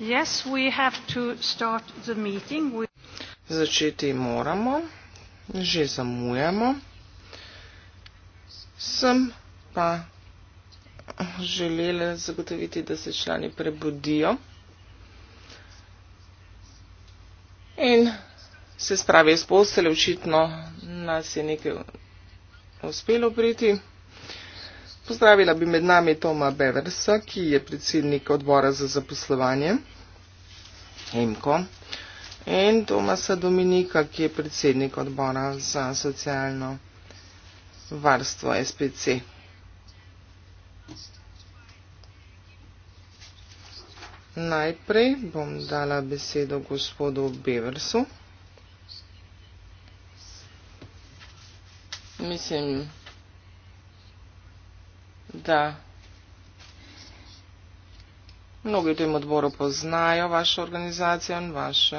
Yes, we have to start the meeting. We... Začeti moramo. Že zamujamo. Sem pa želela zagotoviti, da se člani prebudijo in se spravi iz postele. Očitno nas je nekaj uspelo priti. Pozdravila bi med nami Toma Beversa, ki je predsednik odbora za zaposlovanje. Emko in Tomasa Dominika, ki je predsednik odbora za socialno varstvo SPC. Najprej bom dala besedo gospodu Beversu. Mislim, da Mnogi v tem odboru poznajo vašo organizacijo in vaš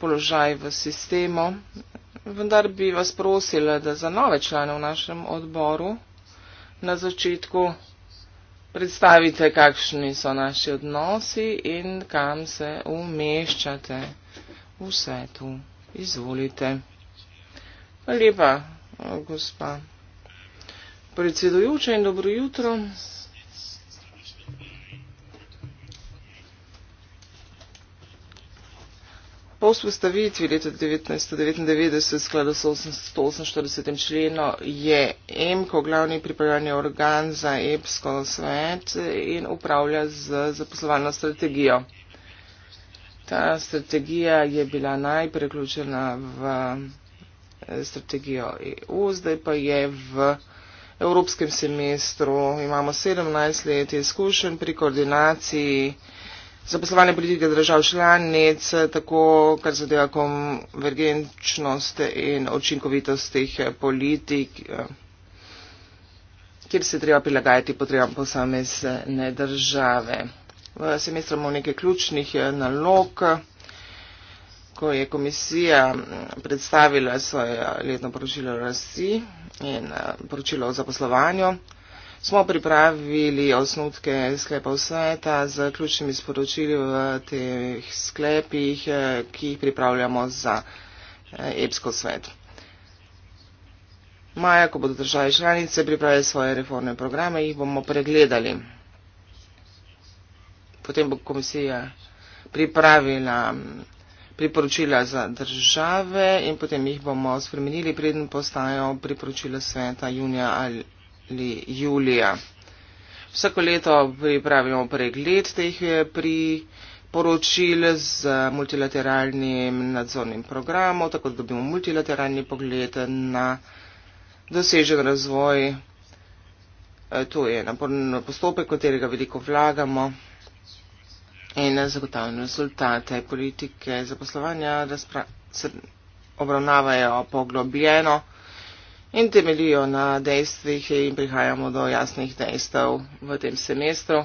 položaj v sistemu, vendar bi vas prosila, da za nove člane v našem odboru na začetku predstavite, kakšni so naši odnosi in kam se umeščate v svetu. Izvolite. Lepa, gospa. Predsedujoča in dobro jutro. Po vzpostavitvi leta 1999 v skladu s 848 členo je EMKO glavni pripravljalni organ za EPSKO svet in upravlja z zaposlovalno strategijo. Ta strategija je bila najprej vključena v eh, strategijo EU, zdaj pa je v evropskem semestru. Imamo 17 let izkušenj pri koordinaciji zaposlovanje politike držav članic, tako kar zadeva konvergenčnost in očinkovitost teh politik, eh, kjer se treba prilagajati potrebam posamezne države. V semestru imamo nekaj ključnih eh, nalog. Ko je komisija mm, predstavila svoje letno poročilo o rasti in eh, poročilo o zaposlovanju, smo pripravili osnutke sklepov sveta z ključnimi sporočili v teh sklepih, eh, ki jih pripravljamo za eh, EPSKO svet. Maja, ko bodo države članice pripravili svoje reformne programe, jih bomo pregledali. Potem bo komisija pripravila mm, priporočila za države in potem jih bomo spremenili, preden postajo priporočila sveta junija ali ali julija. Vsako leto pripravimo pregled teh eh, pri poročil z eh, multilateralnim nadzornim programom, tako da dobimo multilateralni pogled na dosežen razvoj. Eh, to je naporen postopek, katerega veliko vlagamo in zagotavljamo rezultate politike zaposlovanja, da se obravnavajo poglobljeno in temeljijo na dejstvih in prihajamo do jasnih dejstev v tem semestru.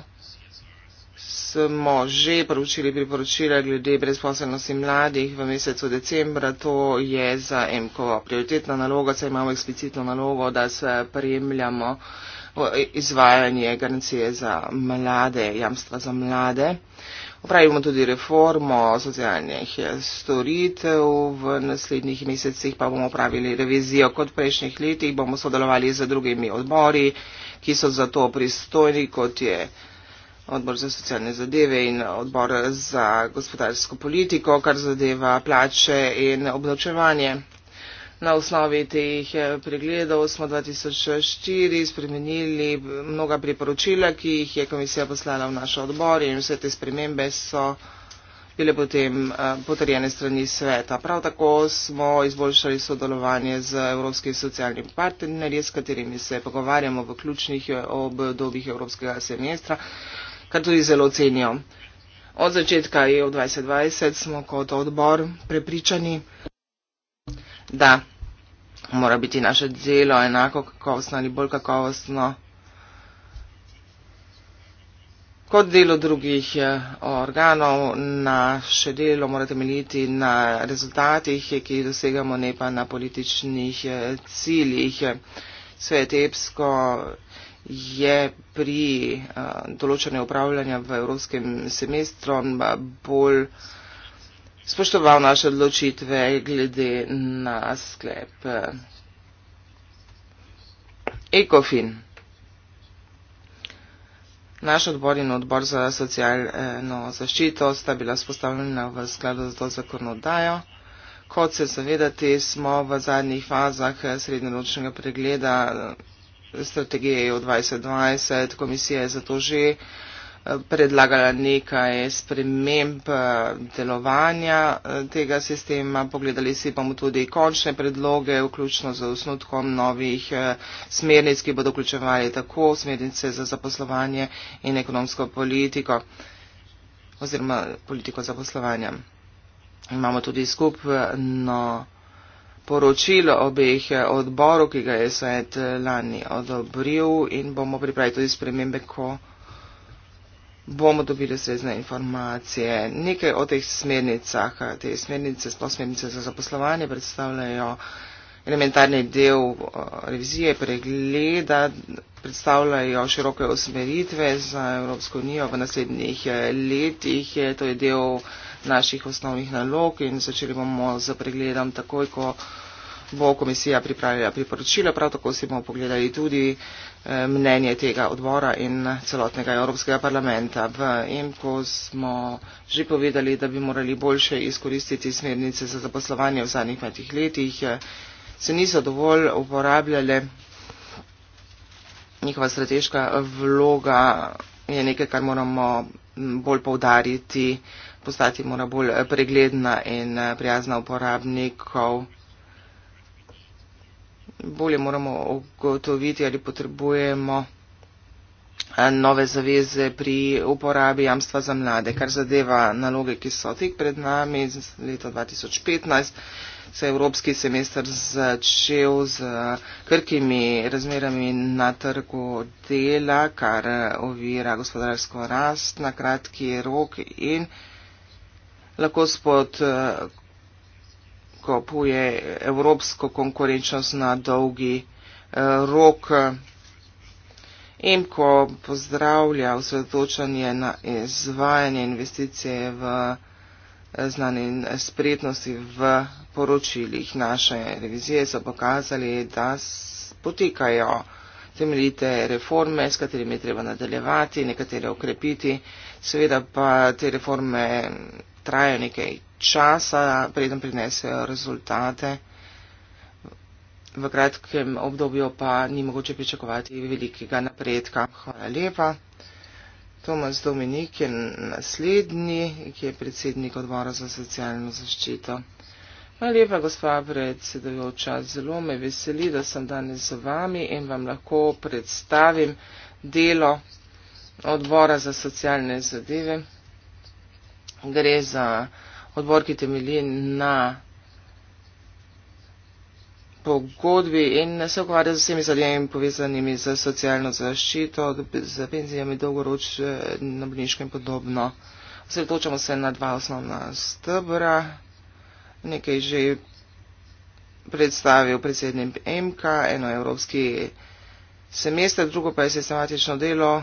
Smo že poročili priporočila glede brezposelnosti mladih v mesecu decembra. To je za MKO prioritetna naloga, saj imamo eksplicitno nalogo, da se prejemljamo izvajanje garancije za mlade, jamstva za mlade. Upravimo tudi reformo socialnih eh, storitev. V naslednjih mesecih pa bomo upravili revizijo kot prejšnjih letih. Bomo sodelovali z drugimi odbori, ki so za to pristojni, kot je odbor za socialne zadeve in odbor za gospodarsko politiko, kar zadeva plače in obdavčevanje. Na osnovi teh eh, pregledov smo 2004 spremenili mnoga priporočila, ki jih je komisija poslala v naš odbor in vse te spremembe so bile potem eh, potrjene strani sveta. Prav tako smo izboljšali sodelovanje z evropskim socialnim partnerjem, s katerimi se pogovarjamo v ključnih eh, obdobjih evropskega semestra, kar tudi zelo cenijo. Od začetka EU 2020 smo kot odbor prepričani, da mora biti naše delo enako kakovostno ali bolj kakovostno kot delo drugih eh, organov. Naše delo mora temeljiti na rezultatih, ki jih dosegamo, ne pa na političnih eh, ciljih. Svet Epsko je pri uh, določanju upravljanja v evropskem semestru bolj uh, spoštoval naše odločitve glede na sklep. Ekofin. Eh, Naš odbor in odbor za socialno zaščito sta bila spostavljena v skladu za to zakonodajo. Kot se zavedate, smo v zadnjih fazah eh, srednjeročnega pregleda eh, strategije EU 2020. Komisija je zato že predlagala nekaj sprememb eh, delovanja eh, tega sistema. Pogledali si bomo tudi končne predloge, vključno z osnutkom novih eh, smernic, ki bodo vključevali tako smernice za zaposlovanje in ekonomsko politiko oziroma politiko zaposlovanja. Imamo tudi skupno poročilo obeh odborov, ki ga je svet lani odobril in bomo pripravili tudi spremembe, ko bomo dobili ustrezne informacije. Nekaj o teh smernicah. Te smernice, sploh smernice za zaposlovanje, predstavljajo elementarni del uh, revizije, pregleda, predstavljajo široke usmeritve za Evropsko unijo v naslednjih eh, letih. To je del naših osnovnih nalog in začeli bomo z pregledom takoj, ko bo komisija pripravila priporočila, prav tako si bomo pogledali tudi eh, mnenje tega odbora in celotnega Evropskega parlamenta. V EMKO smo že povedali, da bi morali boljše izkoristiti smernice za zaposlovanje v zadnjih petih letih, eh, se niso dovolj uporabljale. Njihova strateška vloga je nekaj, kar moramo mm, bolj poudariti, postati mora bolj pregledna in eh, prijazna uporabnikov bolje moramo ugotoviti, ali potrebujemo eh, nove zaveze pri uporabi jamstva za mlade. Kar zadeva naloge, ki so tik pred nami, z leta 2015 se je evropski semester začel z eh, krkimi razmerami na trgu dela, kar eh, ovira gospodarsko rast na kratki rok in lahko spod kupuje evropsko konkurenčnost na dolgi eh, rok. EMKO pozdravlja osredotočanje na izvajanje investicije v eh, znanje in spretnosti v poročilih. Naše revizije so pokazali, da potekajo temeljite reforme, s katerimi je treba nadaljevati, nekatere okrepiti, seveda pa te reforme trajajo nekaj časa, preden prinesejo eh, rezultate. V kratkem obdobju pa ni mogoče pričakovati velikega napredka. Hvala lepa. Tomas Dominik je naslednji, ki je predsednik odbora za socialno zaščito. Hvala lepa, gospa predsedujoča. Zelo me veseli, da sem danes z vami in vam lahko predstavim delo odbora za socialne zadeve. Gre za odbor, ki temelji na pogodbi in se ukvarja z vsemi zadevami povezanimi z socialno zaščito, z penzijami dolgoročne, na bolniškem podobno. Sredočamo se na dva osnovna stebra, nekaj že predstavil predsednik MK, eno evropski semester, drugo pa je sistematično delo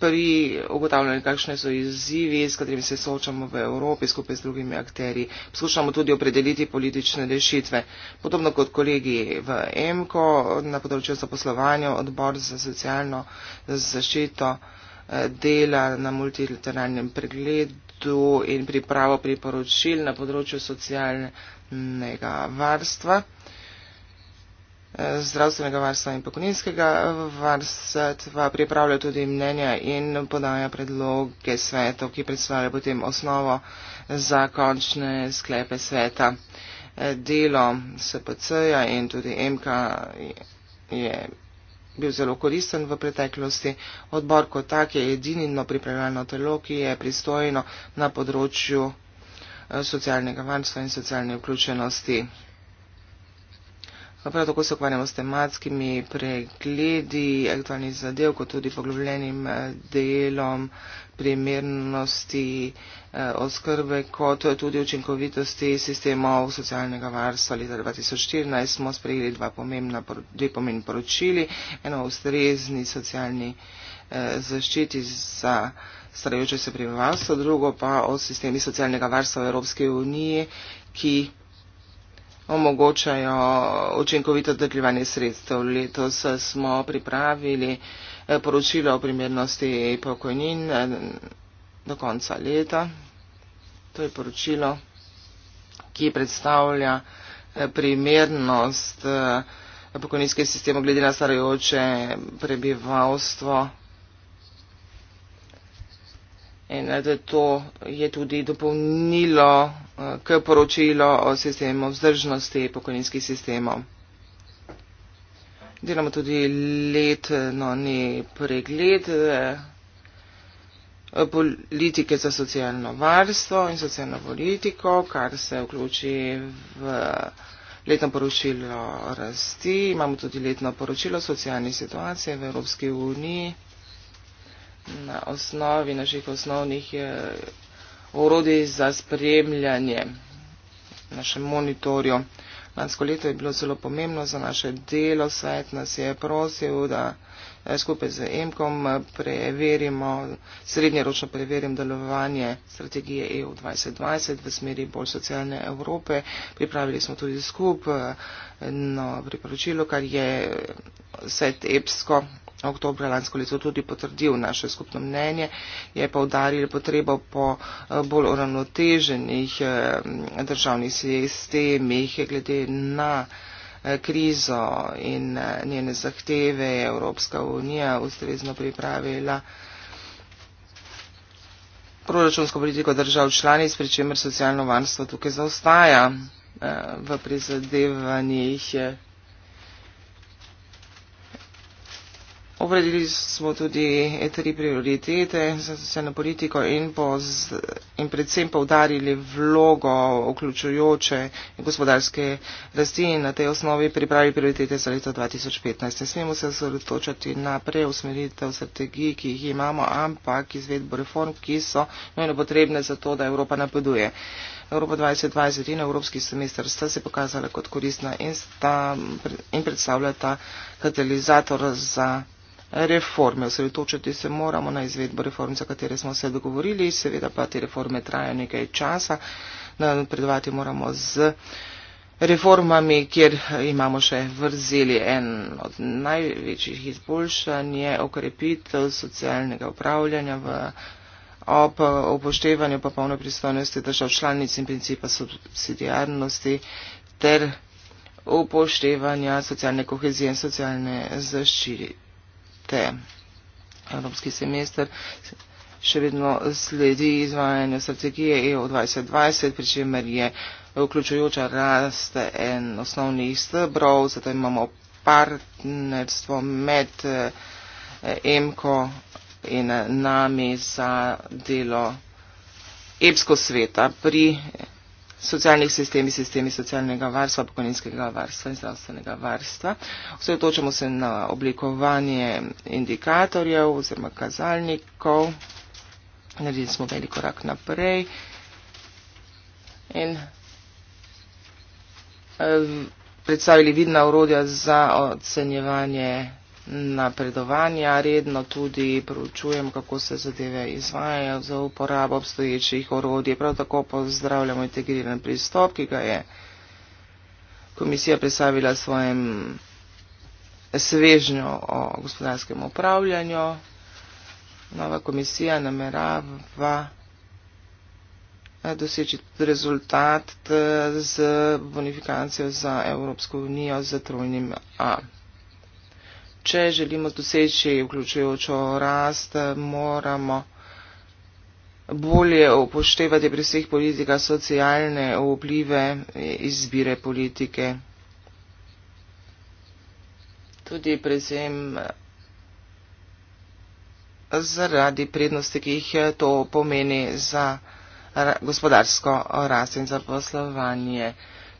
pri ugotavljanju, kakšne so izzivi, s katerimi se soočamo v Evropi skupaj z drugimi akteri. Poskušamo tudi opredeliti politične rešitve. Podobno kot kolegi v EMKO na področju zaposlovanja, odbor za socialno zaščito eh, dela na multilateralnem pregledu in pripravo priporočil na področju socialnega varstva zdravstvenega varstva in pokojninskega varstva pripravlja tudi mnenja in podaja predloge svetov, ki predstavlja potem osnovo za končne sklepe sveta. Delo SPC-ja in tudi MK je bil zelo koristen v preteklosti. Odbor kot tak je edinino pripravljalno telo, ki je pristojno na področju eh, socialnega varstva in socialne vključenosti. No, prav tako se ukvarjamo s tematskimi pregledi aktualnih zadev, kot tudi poglobljenim eh, delom primernosti eh, oskrbe, kot tudi učinkovitosti sistemov socialnega varstva. Leta 2014 smo sprejeli pomembna, dve pomembni poročili, eno ustrezni socialni eh, zaščiti za starajoče se prebivalstvo, drugo pa o sistemi socialnega varstva v Evropski uniji, ki omogočajo učinkovito zadrževanje sredstev. Letos smo pripravili eh, poročilo o primernosti pokojnin eh, do konca leta. To je poročilo, ki predstavlja eh, primernost pokojninskih sistemov glede na starajoče prebivalstvo in da eh, to je tudi dopolnilo eh, k poročilo o sistemu vzdržnosti pokojninskih sistemov. Delamo tudi letni pregled eh, politike za socialno varstvo in socialno politiko, kar se vključi v letno poročilo rasti. Imamo tudi letno poročilo socialne situacije v Evropski uniji na osnovi naših osnovnih eh, orodij za spremljanje našem monitorju. Lansko leto je bilo zelo pomembno za naše delo, svet nas je prosil, da eh, skupaj z EMKOM eh, preverimo, srednjeročno preverim delovanje strategije EU 2020 v smeri bolj socialne Evrope. Pripravili smo tudi skup no, priporočilo, kar je svet EPSKO oktobra lansko leto tudi potrdil naše skupno mnenje, je pa udaril potrebo po eh, bolj uravnoteženih eh, državnih sistemih glede na eh, krizo in njene zahteve je Evropska unija ustrezno pripravila proračunsko politiko držav članic, pri čemer socialno varstvo tukaj zaostaja v prizadevanjih Obredili smo tudi tri prioritete se na politiko in, poz, in predvsem povdarili vlogo vključujoče gospodarske rasti in na tej osnovi pripravili prioritete za leto 2015. Ne smemo se osredotočati na preusmeritev strategij, ki jih imamo, ampak izvedbo reform, ki so nujno potrebne za to, da Evropa napreduje. Evropa 2020 in Evropski semester sta se pokazala kot koristna in, sta, in predstavljata katalizator za reforme. Osredotočiti se moramo na izvedbo reform, za katere smo se dogovorili. Seveda pa te reforme trajajo nekaj časa. Napredovati moramo z reformami, kjer imamo še vrzeli. En od največjih izboljšanj je okrepitev socialnega upravljanja v. Ob upoštevanju pa polne pristojnosti držav članic in principa subsidijarnosti ter upoštevanja socialne kohezije in socialne zaščite te. Evropski semester še vedno sledi izvajanju strategije EU 2020, pri čemer je vključujoča rast en osnovnih stebrov, zato imamo partnerstvo med eh, EMKO in nami za delo EPSKO sveta pri socialnih sistemi, sistemi socialnega varstva, pokojninskega varstva in zdravstvenega varstva. Vse točamo se na oblikovanje indikatorjev oziroma kazalnikov. Naredili smo velik korak naprej. In eh, predstavili vidna urodja za ocenjevanje napredovanja, redno tudi proučujem, kako se zadeve izvajajo za uporabo obstoječih orodij. Prav tako pozdravljamo integriran pristop, ki ga je komisija predstavila svojem svežnju o gospodarskem upravljanju. Nova komisija namerava doseči rezultat eh, z bonifikacijo za Evropsko unijo z trojnim A če želimo doseči vključujočo rast, moramo bolje upoštevati pri vseh politikah socialne vplive izbire politike. Tudi predvsem zaradi prednosti, ki jih to pomeni za gospodarsko rast in za poslovanje.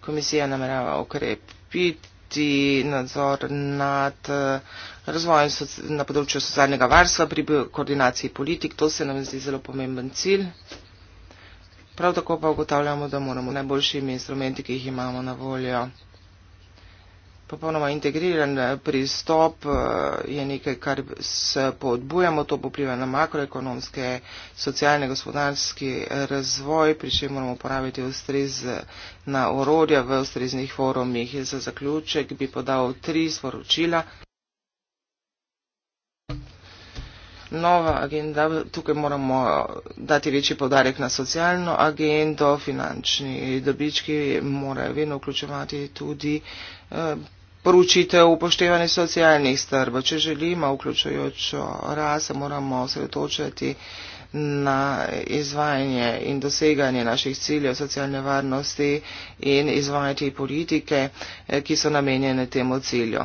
Komisija namerava ukrepiti imeti nadzor nad eh, razvojem na področju socialnega varstva pri koordinaciji politik. To se nam zdi zelo pomemben cilj. Prav tako pa ugotavljamo, da moramo najboljšimi instrumenti, ki jih imamo na voljo, popolnoma integriran eh, pristop eh, je nekaj, kar se podbujamo, to popliva na makroekonomske, socialne, gospodarski razvoj, pri čem moramo uporabiti ustrezna eh, orodja v ustreznih forumih. Za zaključek bi podal tri sporočila. Nova agenda, tukaj moramo dati večji podarek na socialno agendo, finančni dobički morajo vedno vključevati tudi eh, poročitev upoštevanja socialnih strbov. Če želimo vključujočo raz, moramo se otočati na izvajanje in doseganje naših ciljev socialne varnosti in izvajati politike, eh, ki so namenjene temu cilju.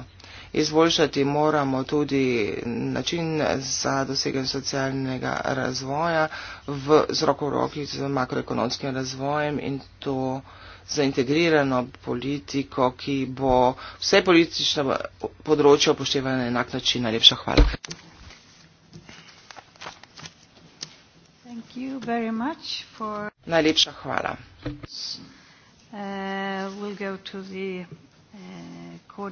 Izboljšati moramo tudi način za doseganje socialnega razvoja v, z roko v roki z makroekonomskim razvojem in to za integrirano politiko, ki bo vse politične področje upoštevala na enak način. Najlepša hvala. For... Najlepša hvala. Uh, we'll go to the, uh,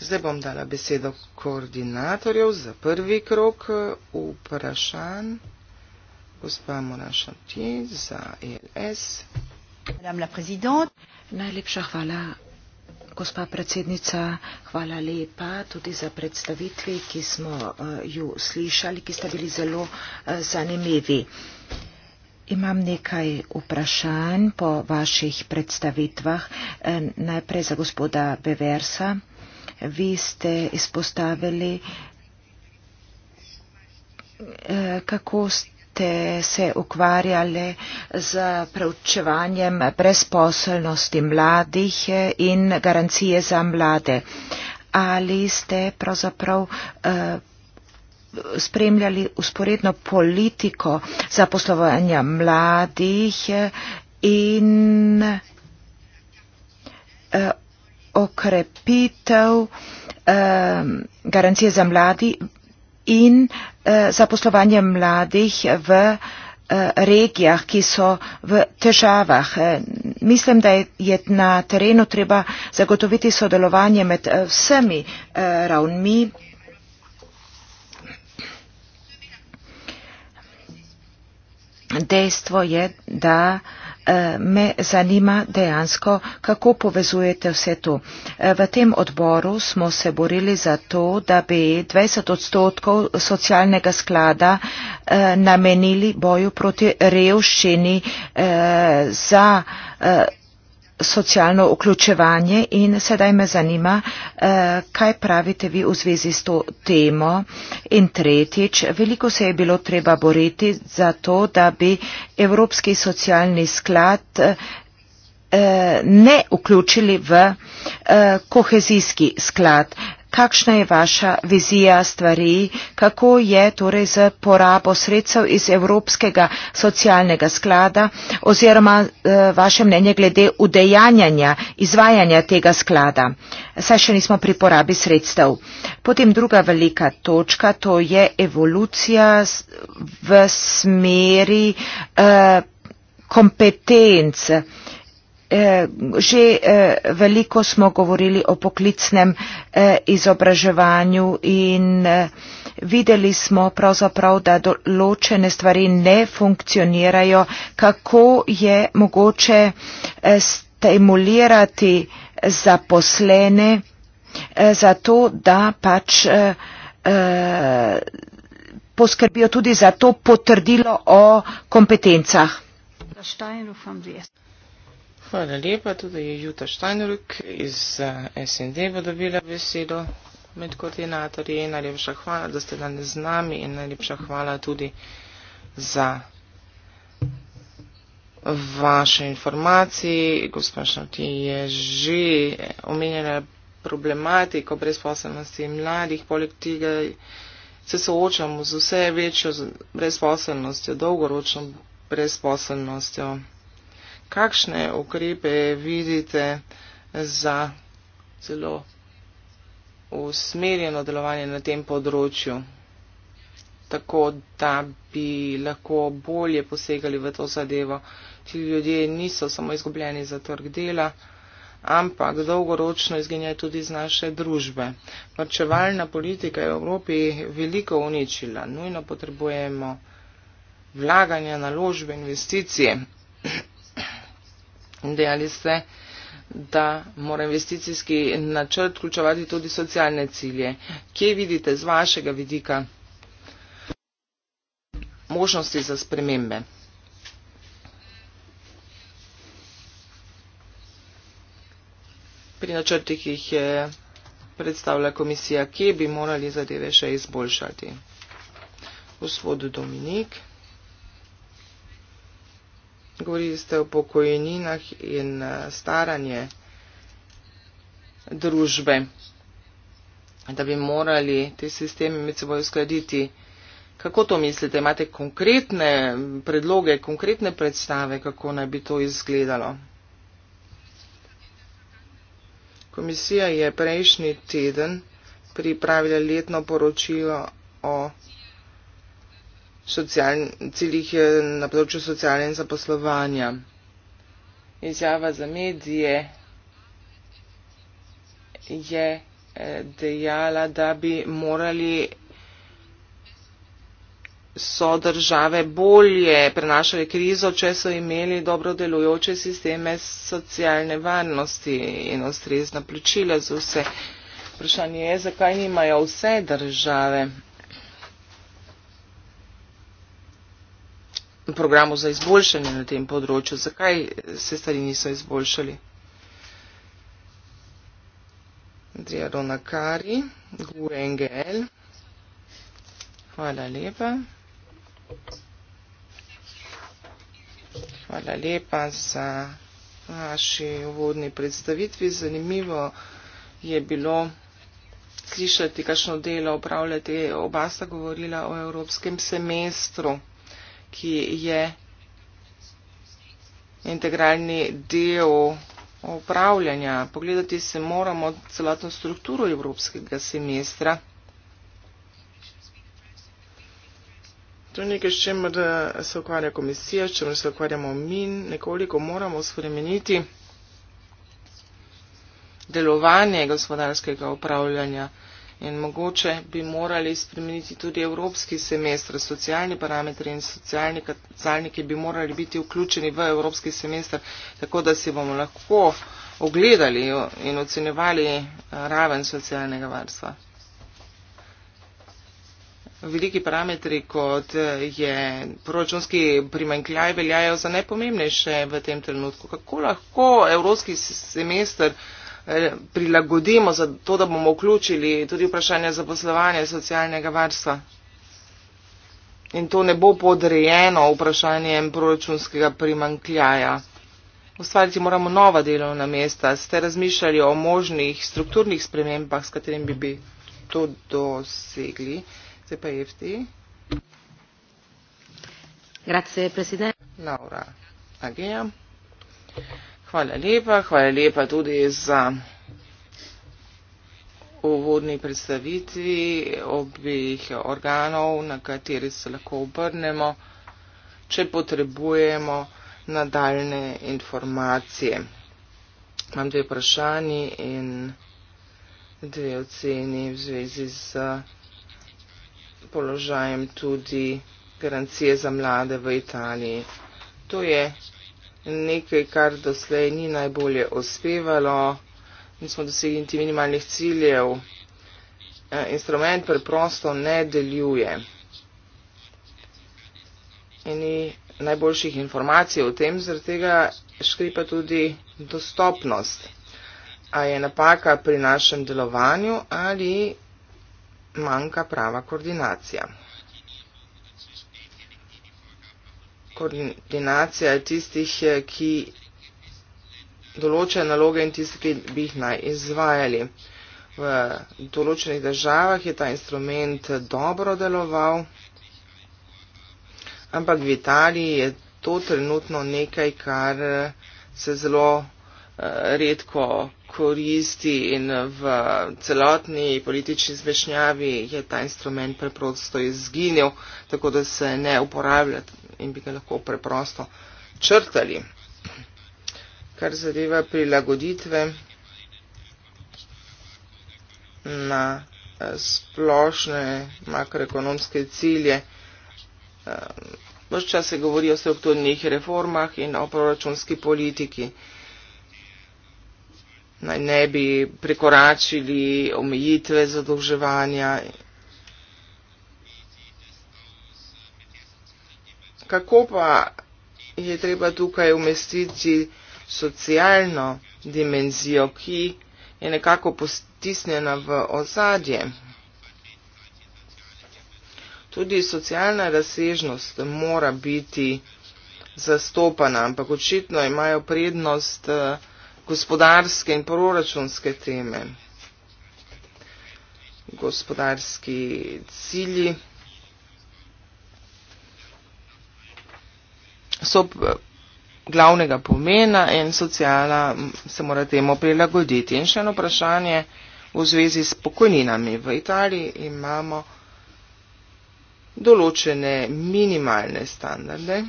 Zdaj bom dala besedo koordinatorjev za prvi krok uh, vprašanj. Gospa Moraša Ti za ELS. Madame la présidente. Najlepša hvala, gospa predsednica. Hvala lepa tudi za predstavitvi, ki smo uh, ju slišali, ki ste bili zelo uh, zanimivi. Imam nekaj vprašanj po vaših predstavitvah. E, najprej za gospoda Beversa. Vi ste izpostavili, e, kako ste ste se ukvarjali z preučevanjem brezposelnosti mladih in garancije za mlade. Ali ste pravzaprav eh, spremljali usporedno politiko za poslovanje mladih in eh, okrepitev eh, garancije za mladi in Eh, zaposlovanje mladih v eh, regijah, ki so v težavah. Eh, mislim, da je na terenu treba zagotoviti sodelovanje med vsemi ravnmi. Dejstvo je, da Eh, me zanima dejansko, kako povezujete vse to. Eh, v tem odboru smo se borili za to, da bi 20 odstotkov socialnega sklada eh, namenili boju proti revščini za socialno vključevanje in sedaj me zanima, eh, kaj pravite vi v zvezi s to temo. In tretjič, veliko se je bilo treba boriti za to, da bi Evropski socialni sklad eh, ne vključili v eh, kohezijski sklad kakšna je vaša vizija stvari, kako je torej z porabo sredstev iz Evropskega socialnega sklada oziroma eh, vaše mnenje glede udejanjanja, izvajanja tega sklada. Saj še nismo pri porabi sredstev. Potem druga velika točka, to je evolucija v smeri eh, kompetence. Eh, že eh, veliko smo govorili o poklicnem eh, izobraževanju in videli smo pravzaprav, da določene stvari ne funkcionirajo, kako je mogoče stimulirati zaposlene za to, da pač poskrbijo tudi za to potrdilo o kompetencah. Hvala lepa, tudi je Juta Štajnruk iz eh, SND bo dobila besedo med koordinatorji. Najlepša hvala, da ste danes z nami in najlepša hvala tudi za vaše informacije. Gospod Šanti je že omenjena problematiko brezposobnosti mladih, poleg tega se soočamo z vse večjo brezposobnostjo, dolgoročno brezposobnostjo kakšne ukrepe vidite za zelo usmerjeno delovanje na tem področju, tako da bi lahko bolje posegali v to zadevo. Ti ljudje niso samo izgubljeni za trg dela, ampak dolgoročno izginjajo tudi iz naše družbe. Vrčevalna politika je v Evropi veliko uničila. Nujno potrebujemo vlaganja, naložbe, investicije. Dejali ste, da mora investicijski načrt vključevati tudi socialne cilje. Kje vidite z vašega vidika možnosti za spremembe? Pri načrti, ki jih je predstavlja komisija, kje bi morali zadeve še izboljšati? Gospod Dominik. Govorili ste o pokojninah in eh, staranje družbe, da bi morali te sisteme med seboj uskladiti. Kako to mislite? Imate konkretne predloge, konkretne predstave, kako naj bi to izgledalo? Komisija je prejšnji teden pripravila letno poročilo o ciljih eh, na področju socialne in zaposlovanja. Izjava za medije je eh, dejala, da bi morali so države bolje prenašale krizo, če so imeli dobro delujoče sisteme socialne varnosti in ustrezna plačila za vse. Vprašanje je, zakaj nimajo vse države. programu za izboljšanje na tem področju, zakaj se stvari niso izboljšali. Andrija Ronakari, GUNGL. Hvala lepa. Hvala lepa za vaši uvodni predstavitvi. Zanimivo je bilo slišati, kakšno delo upravljate. Oba sta govorila o evropskem semestru ki je integralni del upravljanja. Pogledati se moramo celotno strukturo evropskega semestra. To je nekaj, s čem eh, se ukvarja komisija, s čem se ukvarjamo mi, nekoliko moramo spremeniti delovanje gospodarskega upravljanja. In mogoče bi morali spremeniti tudi evropski semestr. Socialni parametri in socialni kazalniki bi morali biti vključeni v evropski semestr, tako da si bomo lahko ogledali in ocenjevali eh, raven socialnega varstva. Veliki parametri, kot eh, je proračunski primankljaj, veljajo za najpomembnejše v tem trenutku. Kako lahko evropski semester Eh, prilagodimo za to, da bomo vključili tudi vprašanje zaposlovanja socialnega varstva. In to ne bo podrejeno vprašanjem proračunskega primankljaja. Ustvariti moramo nova delovna mesta. Ste razmišljali o možnih strukturnih spremembah, s katerim bi, bi to dosegli? Zdaj pa je v ti. Grazie, predsednik. Laura Agija. Hvala lepa, hvala lepa tudi za uvodni predstavitvi obih organov, na kateri se lahko obrnemo, če potrebujemo nadaljne informacije. Imam dve vprašanji in dve oceni v zvezi z položajem tudi garancije za mlade v Italiji. To je nekaj, kar doslej ni najbolje uspevalo, nismo dosegli niti minimalnih ciljev, e, instrument preprosto ne deluje. In ni najboljših informacij o tem, zaradi tega škripa tudi dostopnost. A je napaka pri našem delovanju ali manjka prava koordinacija. koordinacija je tistih, eh, ki določajo naloge in tisti, ki bi jih naj izvajali. V določenih državah je ta instrument dobro deloval, ampak v Italiji je to trenutno nekaj, kar eh, se zelo eh, redko koristi in v celotni politični zmešnjavi je ta instrument preprosto izginil, tako da se ne uporablja in bi ga lahko preprosto črtali. Kar zadeva prilagoditve na eh, splošne makroekonomske cilje. Eh, Vse čas se govori o strukturnih reformah in o proračunski politiki. Naj ne bi prekoračili omejitve zadolževanja kako pa je treba tukaj umestiti socialno dimenzijo, ki je nekako postisnjena v ozadje. Tudi socialna razsežnost mora biti zastopana, ampak očitno imajo prednost eh, gospodarske in proračunske teme, gospodarski cilji. so eh, glavnega pomena in socijala se mora temu prilagoditi. In še eno vprašanje v zvezi s pokojninami. V Italiji imamo določene minimalne standarde.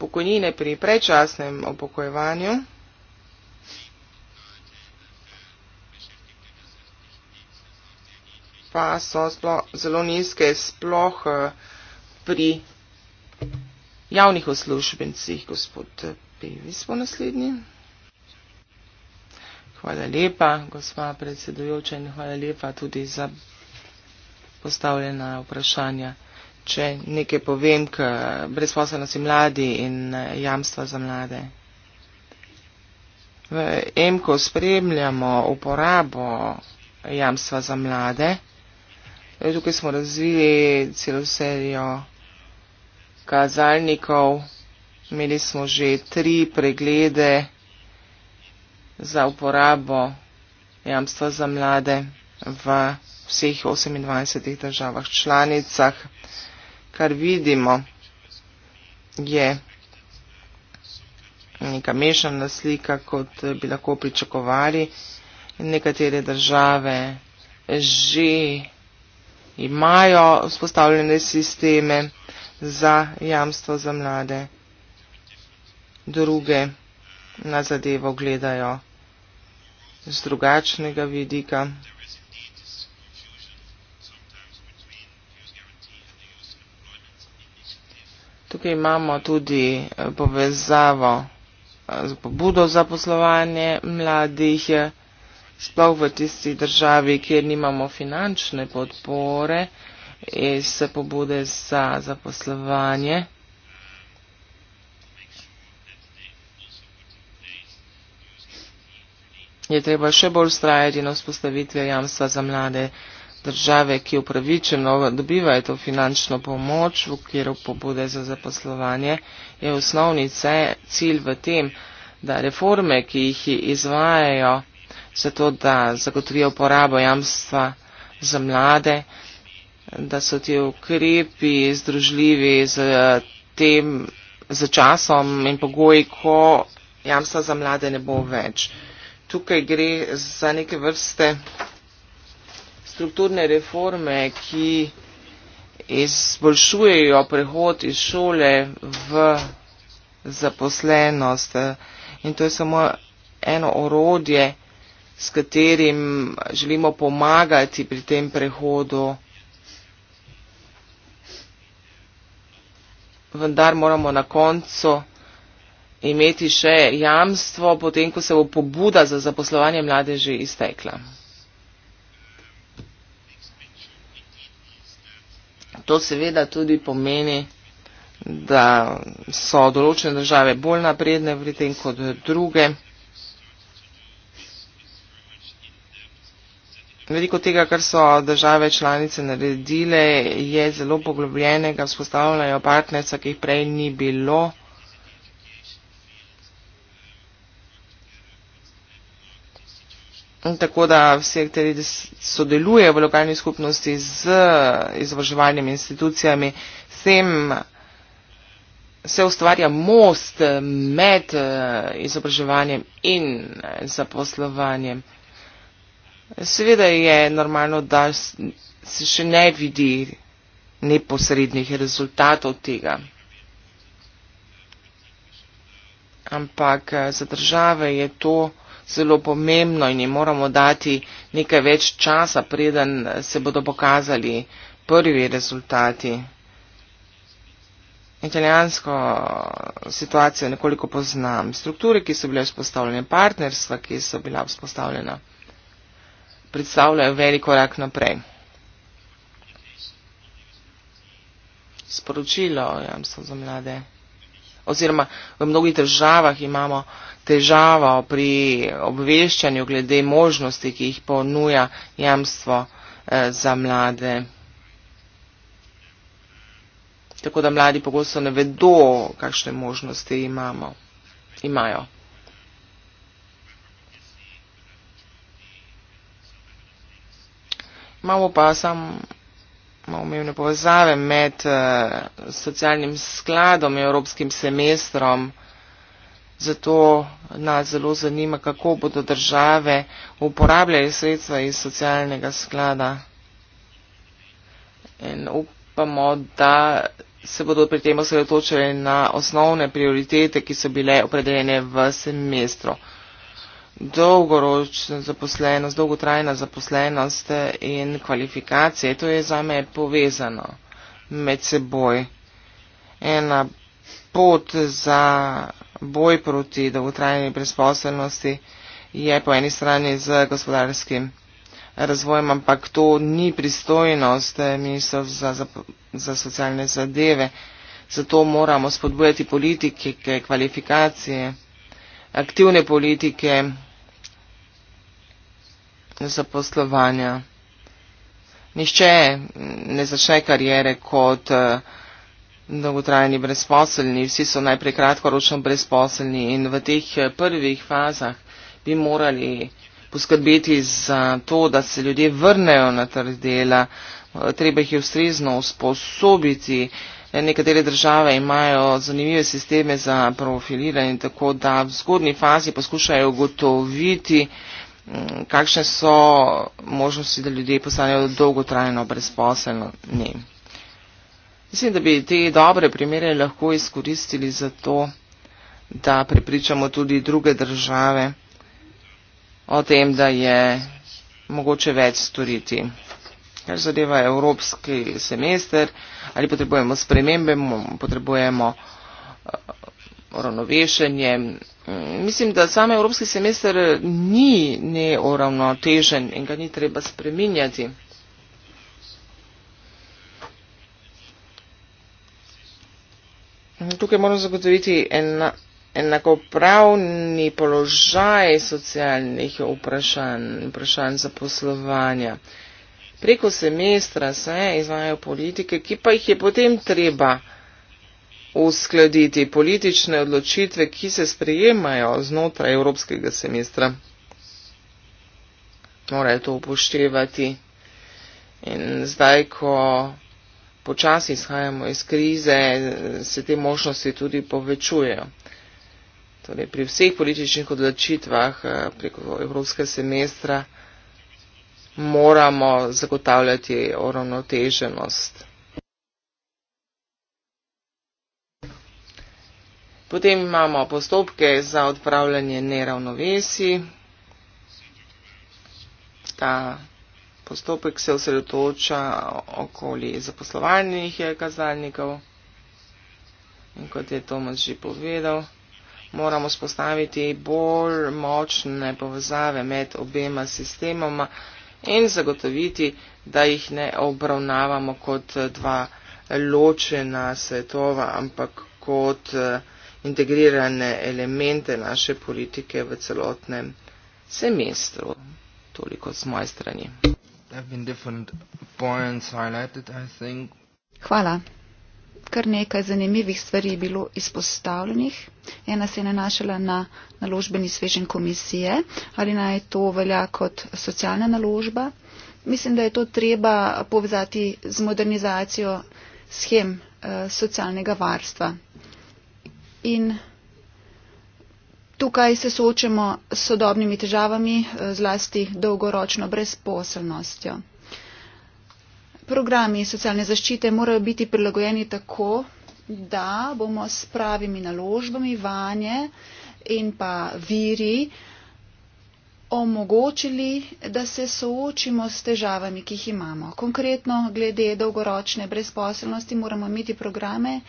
Pokojnine pri prečasnem upokojevanju. pa so sploh, zelo nizke sploh eh, pri javnih uslužbencih. Gospod eh, Pevis bo naslednji. Hvala lepa, gospa predsedujoča, in hvala lepa tudi za postavljena vprašanja. Če nekaj povem k brezposobnosti mladi in eh, jamstva za mlade. V EMKO spremljamo uporabo jamstva za mlade. Torej, tukaj smo razvili celo serijo kazalnikov. Imeli smo že tri preglede za uporabo jamstva za mlade v vseh 28 državah članicah. Kar vidimo je neka mešana slika, kot bi lahko pričakovali. Nekatere države že imajo vzpostavljene sisteme za jamstvo za mlade, druge na zadevo gledajo z drugačnega vidika. Tukaj imamo tudi eh, povezavo z eh, pobudo za poslovanje mladih. Eh, sploh v tisti državi, kjer nimamo finančne podpore iz pobude za zaposlovanje. Je treba še bolj strajati na vzpostavitvi jamstva za mlade države, ki upravičeno dobivajo to finančno pomoč v okviru pobude za zaposlovanje. Je osnovni cilj v tem, da reforme, ki jih izvajajo, zato da zagotovijo uporabo jamstva za mlade, da so ti ukrepi združljivi z tem, z časom in pogoji, ko jamstva za mlade ne bo več. Tukaj gre za neke vrste strukturne reforme, ki izboljšujejo prehod iz šole v zaposlenost. In to je samo eno orodje, s katerim želimo pomagati pri tem prehodu. Vendar moramo na koncu imeti še jamstvo, potem ko se bo pobuda za zaposlovanje mlade že iztekla. To seveda tudi pomeni, da so določene države bolj napredne pri tem kot druge. Veliko tega, kar so države članice naredile, je zelo poglobljenega, vzpostavljajo partnerca, ki jih prej ni bilo. Tako da vse, ki sodelujejo v lokalni skupnosti z izobraževalnimi institucijami, sem, se ustvarja most med eh, izobraževanjem in eh, zaposlovanjem. Seveda je normalno, da se še ne vidi neposrednih rezultatov tega. Ampak eh, za države je to zelo pomembno in jim moramo dati nekaj več časa, preden eh, se bodo pokazali prvi rezultati. Italijansko eh, situacijo nekoliko poznam. Strukture, ki so bile vzpostavljene, partnerstva, ki so bila vzpostavljena predstavljajo velik korak naprej. Sporočilo jamstvo za mlade. Oziroma, v mnogih državah imamo težavo pri obveščanju glede možnosti, ki jih ponuja jamstvo eh, za mlade. Tako da mladi pogosto ne vedo, kakšne možnosti imamo. Imajo. imamo pa samo omejene povezave med uh, socialnim skladom in evropskim semestrom. Zato nas zelo zanima, kako bodo države uporabljali sredstva iz socialnega sklada. In upamo, da se bodo pri tem osredotočili na osnovne prioritete, ki so bile opredeljene v semestru dolgoročna zaposlenost, dolgotrajna zaposlenost in kvalifikacije, to je za me povezano med seboj. Ena pot za boj proti dolgotrajni brezposelnosti je po eni strani z gospodarskim razvojem, ampak to ni pristojnost eh, ministrov za, za, za socialne zadeve. Zato moramo spodbujati politike, kvalifikacije, aktivne politike, zaposlovanja. Nihče ne začne karijere kot eh, dolgotrajni brezposelni, vsi so najprej kratkoročno brezposelni in v teh eh, prvih fazah bi morali poskrbeti za to, da se ljudje vrnejo na trg dela, eh, treba jih je ustrezno usposobiti. Nekatere države imajo zanimive sisteme za profiliranje, tako da v zgodni fazi poskušajo ugotoviti, Mm, kakšne so možnosti, da ljudje postanejo dolgotrajno brezposelni. Mislim, da bi te dobre primere lahko izkoristili za to, da prepričamo tudi druge države o tem, da je mogoče več storiti. Kar zadeva evropski semester, ali potrebujemo spremembe, potrebujemo uh, eh, ravnovešenje, Mm, mislim, da sam evropski semester ni neuravnotežen in ga ni treba spreminjati. Tukaj moram zagotoviti ena, enakopravni položaj socialnih vprašanj, vprašanj zaposlovanja. Preko semestra se izvajajo politike, ki pa jih je potem treba uskladiti politične odločitve, ki se sprejemajo znotraj evropskega semestra. Morajo to upoštevati. In zdaj, ko počasi izhajamo iz krize, se te možnosti tudi povečujejo. Torej, pri vseh političnih odločitvah eh, preko evropskega semestra moramo zagotavljati uravnoteženost. Potem imamo postopke za odpravljanje neravnovesi. Ta postopek se osredotoča okoli zaposlovanjih kazalnikov. In kot je Tomas že povedal, moramo spostaviti bolj močne povezave med obema sistemoma in zagotoviti, da jih ne obravnavamo kot dva ločena svetova, ampak kot eh, integrirane elemente naše politike v celotnem semestru. Toliko z moje strani. Hvala. Kar nekaj zanimivih stvari je bilo izpostavljenih. Ena se je nanašala na naložbeni svežen komisije, ali naj to velja kot socialna naložba. Mislim, da je to treba povezati z modernizacijo schem eh, socialnega varstva in tukaj se soočamo s sodobnimi težavami, eh, zlasti dolgoročno brezposelnostjo. Programi socialne zaščite morajo biti prilagojeni tako, da bomo s pravimi naložbami vanje in pa viri omogočili, da se soočimo s težavami, ki jih imamo. Konkretno glede dolgoročne brezposelnosti moramo imeti programe,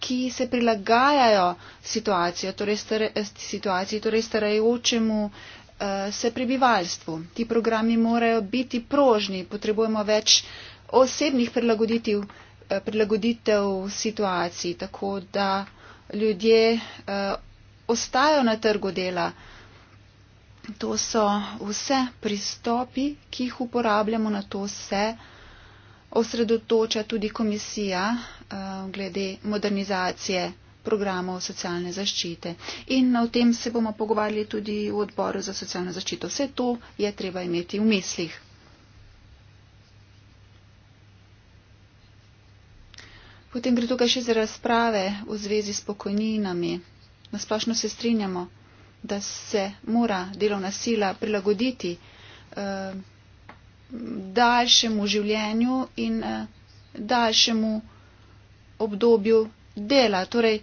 ki se prilagajajo situacijo, torej star, situaciji, torej starajočemu eh, se prebivalstvu. Ti programi morajo biti prožni, potrebujemo več osebnih prilagoditev, eh, prilagoditev situacij, tako da ljudje eh, ostajajo na trgu dela. To so vse pristopi, ki jih uporabljamo, na to se uh, osredotoča tudi komisija eh, glede modernizacije programov socialne zaščite. In o tem se bomo pogovarjali tudi v odboru za socialno zaščito. Vse to je treba imeti v mislih. Potem gre tukaj še za razprave v zvezi s pokojninami. Nasplošno se strinjamo, da se mora delovna sila prilagoditi eh, daljšemu življenju in eh, daljšemu obdobju dela. Torej,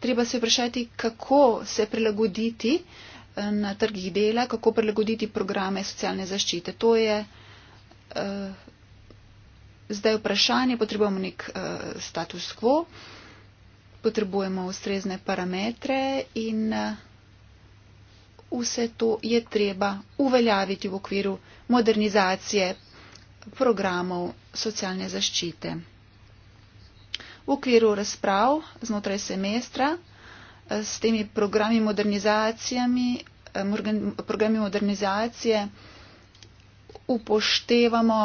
treba se vprašati, kako se prilagoditi eh, na trgih dela, kako prilagoditi programe socialne zaščite. To je uh, zdaj vprašanje, potrebujemo nek uh, status quo, potrebujemo ustrezne parametre in uh, vse to je treba uveljaviti v okviru modernizacije programov socialne zaščite. V okviru razprav znotraj semestra eh, s temi programi, programi modernizacije upoštevamo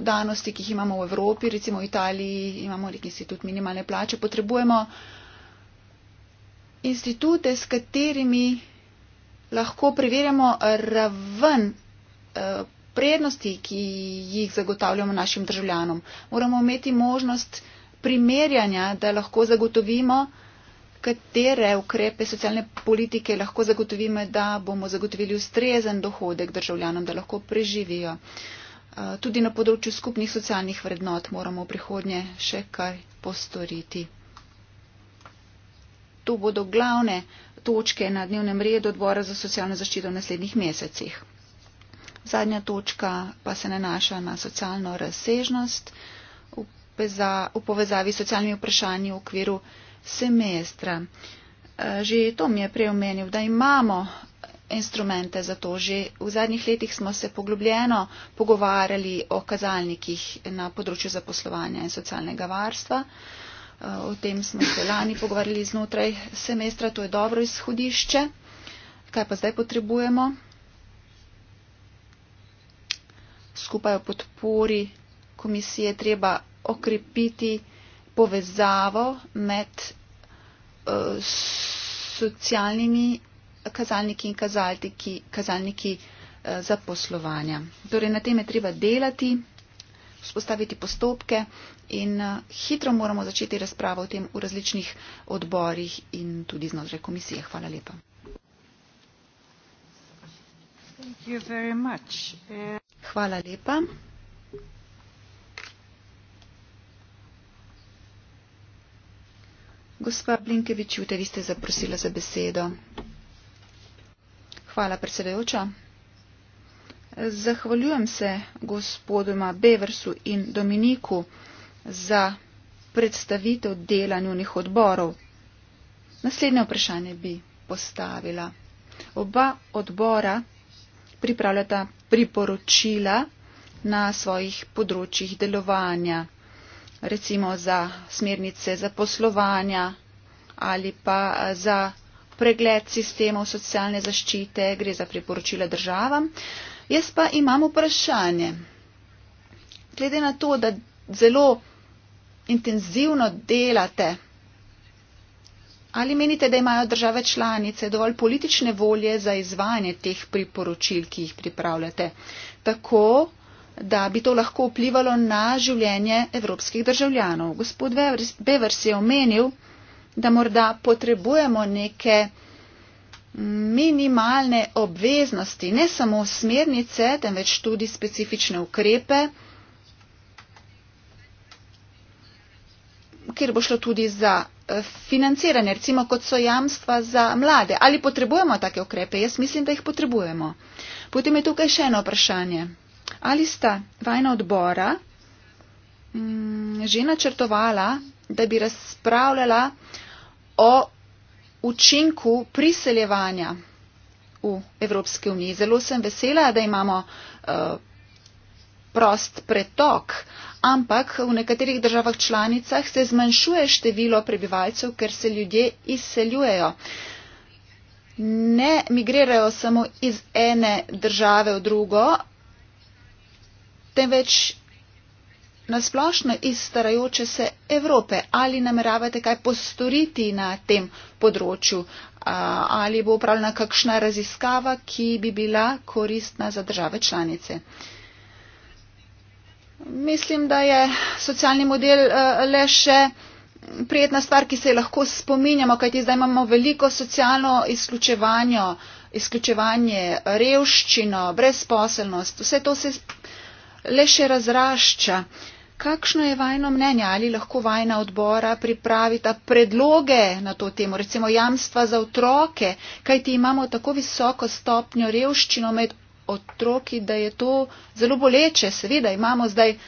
danosti, ki jih imamo v Evropi, recimo v Italiji imamo nek institut minimalne plače, potrebujemo institute, s katerimi lahko preverjamo raven eh, prednosti, ki jih zagotavljamo našim državljanom. Moramo imeti možnost primerjanja, da lahko zagotovimo, katere ukrepe socialne politike lahko zagotovimo, da bomo zagotovili ustrezen dohodek državljanom, da lahko preživijo. Eh, tudi na področju skupnih socialnih vrednot moramo v prihodnje še kaj postoriti. Tu bodo glavne točke na dnevnem redu odbora za socialno zaščito v naslednjih mesecih. Zadnja točka pa se nanaša na socialno razsežnost v, peza, v povezavi s socialnimi vprašanji v okviru semestra. Eh, že to mi je prej omenil, da imamo instrumente za to. Že v zadnjih letih smo se poglobljeno pogovarjali o kazalnikih na področju zaposlovanja in socialnega varstva. Uh, O tem smo se lani pogovarjali znotraj semestra, to je dobro izhodišče. Kaj pa zdaj potrebujemo? Skupaj v podpori komisije treba okrepiti povezavo med eh, socialnimi kazalniki in kazalniki, kazalniki eh, zaposlovanja. Torej, na tem je treba delati, vzpostaviti postopke, in eh, hitro moramo začeti razpravo o tem v različnih odborih in tudi znotraj komisije. Hvala lepa. Eh, Hvala lepa. Gospa Blinkevič, jutri vi ste zaprosila za besedo. Hvala, predsedajoča. Zahvaljujem se gospoduma Beversu in Dominiku za predstavitev dela njunih odborov. Naslednje vprašanje bi postavila. Oba odbora pripravljata priporočila na svojih področjih delovanja, recimo za smernice za poslovanja ali pa za pregled sistemov socialne zaščite, gre za priporočila državam. Jaz pa imam vprašanje. Glede na to, da zelo intenzivno delate? Ali menite, da imajo države članice dovolj politične volje za izvajanje teh priporočil, ki jih pripravljate, tako, da bi to lahko vplivalo na življenje evropskih državljanov? Gospod Bevers je omenil, da morda potrebujemo neke minimalne obveznosti, ne samo smernice, temveč tudi specifične ukrepe, kjer bo šlo tudi za eh, financiranje, recimo kot so jamstva za mlade. Ali potrebujemo take ukrepe? Jaz mislim, da jih potrebujemo. Potem je tukaj še eno vprašanje. Ali sta vajna odbora m, mm, že načrtovala, da bi razpravljala o učinku priseljevanja v Evropske unije? Zelo sem vesela, da imamo uh, prost pretok, ampak v nekaterih državah članicah se zmanjšuje število prebivalcev, ker se ljudje izseljujejo. Ne migrirajo samo iz ene države v drugo, temveč nasplošno iz starajoče se Evrope. Ali nameravate kaj postoriti na tem področju? Ali bo upravljena kakšna raziskava, ki bi bila koristna za države članice? Mislim, da je socialni model eh, le še prijetna stvar, ki se je lahko spominjamo, kajti zdaj imamo veliko socialno izključevanje, izključevanje revščino, brezposelnost. Vse to se le še razrašča. Kakšno je vajno mnenje? Ali lahko vajna odbora pripravita predloge na to temo, recimo jamstva za otroke, kajti imamo tako visoko stopnjo revščino med otroki, da je to zelo boleče. Seveda imamo zdaj eh,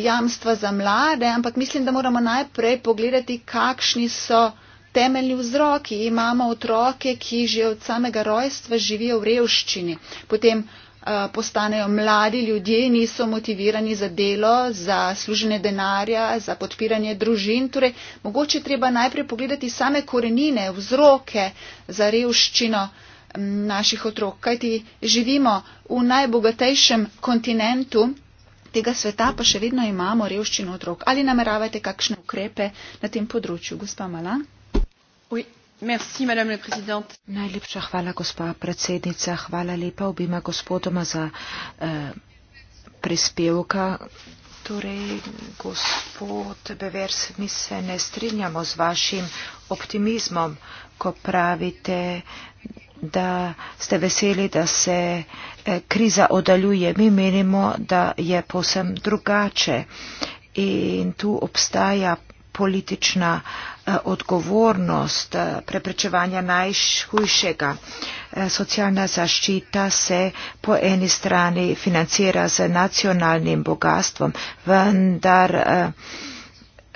jamstva za mlade, ampak mislim, da moramo najprej pogledati, kakšni so temeljni vzroki. Imamo otroke, ki že od samega rojstva živijo v revščini. Potem eh, postanejo mladi ljudje, niso motivirani za delo, za služene denarja, za podpiranje družin. Torej, mogoče treba najprej pogledati same korenine, vzroke za revščino naših otrok, kajti živimo v najbogatejšem kontinentu tega sveta, pa še vedno imamo revščino otrok. Ali nameravate kakšne ukrepe na tem področju, gospa Mala? Oui. Merci, Najlepša hvala, gospa predsednica. Hvala lepa obima gospodoma za eh, prispevka. Torej, gospod Bevers, mi se ne strinjamo z vašim optimizmom, ko pravite, da ste veseli, da se eh, kriza odaljuje. Mi menimo, da je posem drugače in tu obstaja politična eh, odgovornost eh, preprečevanja najhujšega. Socialna zaščita se po eni strani financira z nacionalnim bogatstvom, vendar eh,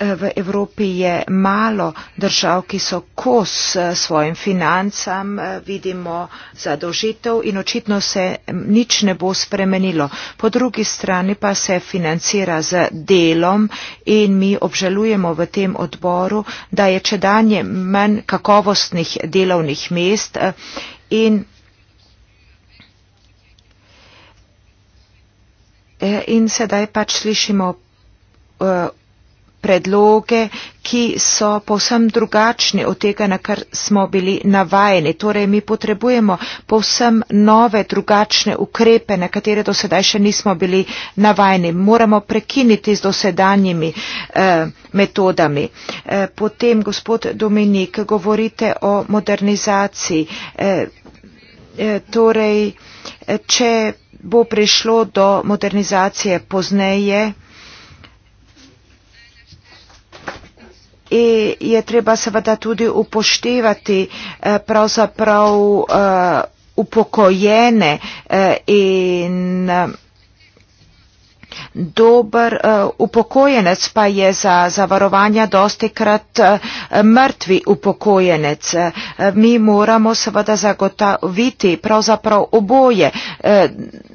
v Evropi je malo držav, ki so kos eh, svojim financam, eh, vidimo zadožitev in očitno se nič ne bo spremenilo. Po drugi strani pa se financira z delom in mi obžalujemo v tem odboru, da je čedanje manj kakovostnih delovnih mest eh, in In sedaj pač slišimo predloge, ki so povsem drugačni od tega, na kar smo bili navajeni. Torej, mi potrebujemo povsem nove, drugačne ukrepe, na katere do sedaj še nismo bili navajeni. Moramo prekiniti z dosedanjimi eh, metodami. Eh, potem, gospod Dominik, govorite o modernizaciji. Eh, eh, torej, eh, če bo prišlo do modernizacije pozneje, in e je treba seveda tudi upoštevati eh, pravzaprav eh, upokojene eh, in dober eh, upokojenec pa je za zavarovanja dosti krat eh, mrtvi upokojenec. Eh, mi moramo seveda zagotoviti pravzaprav oboje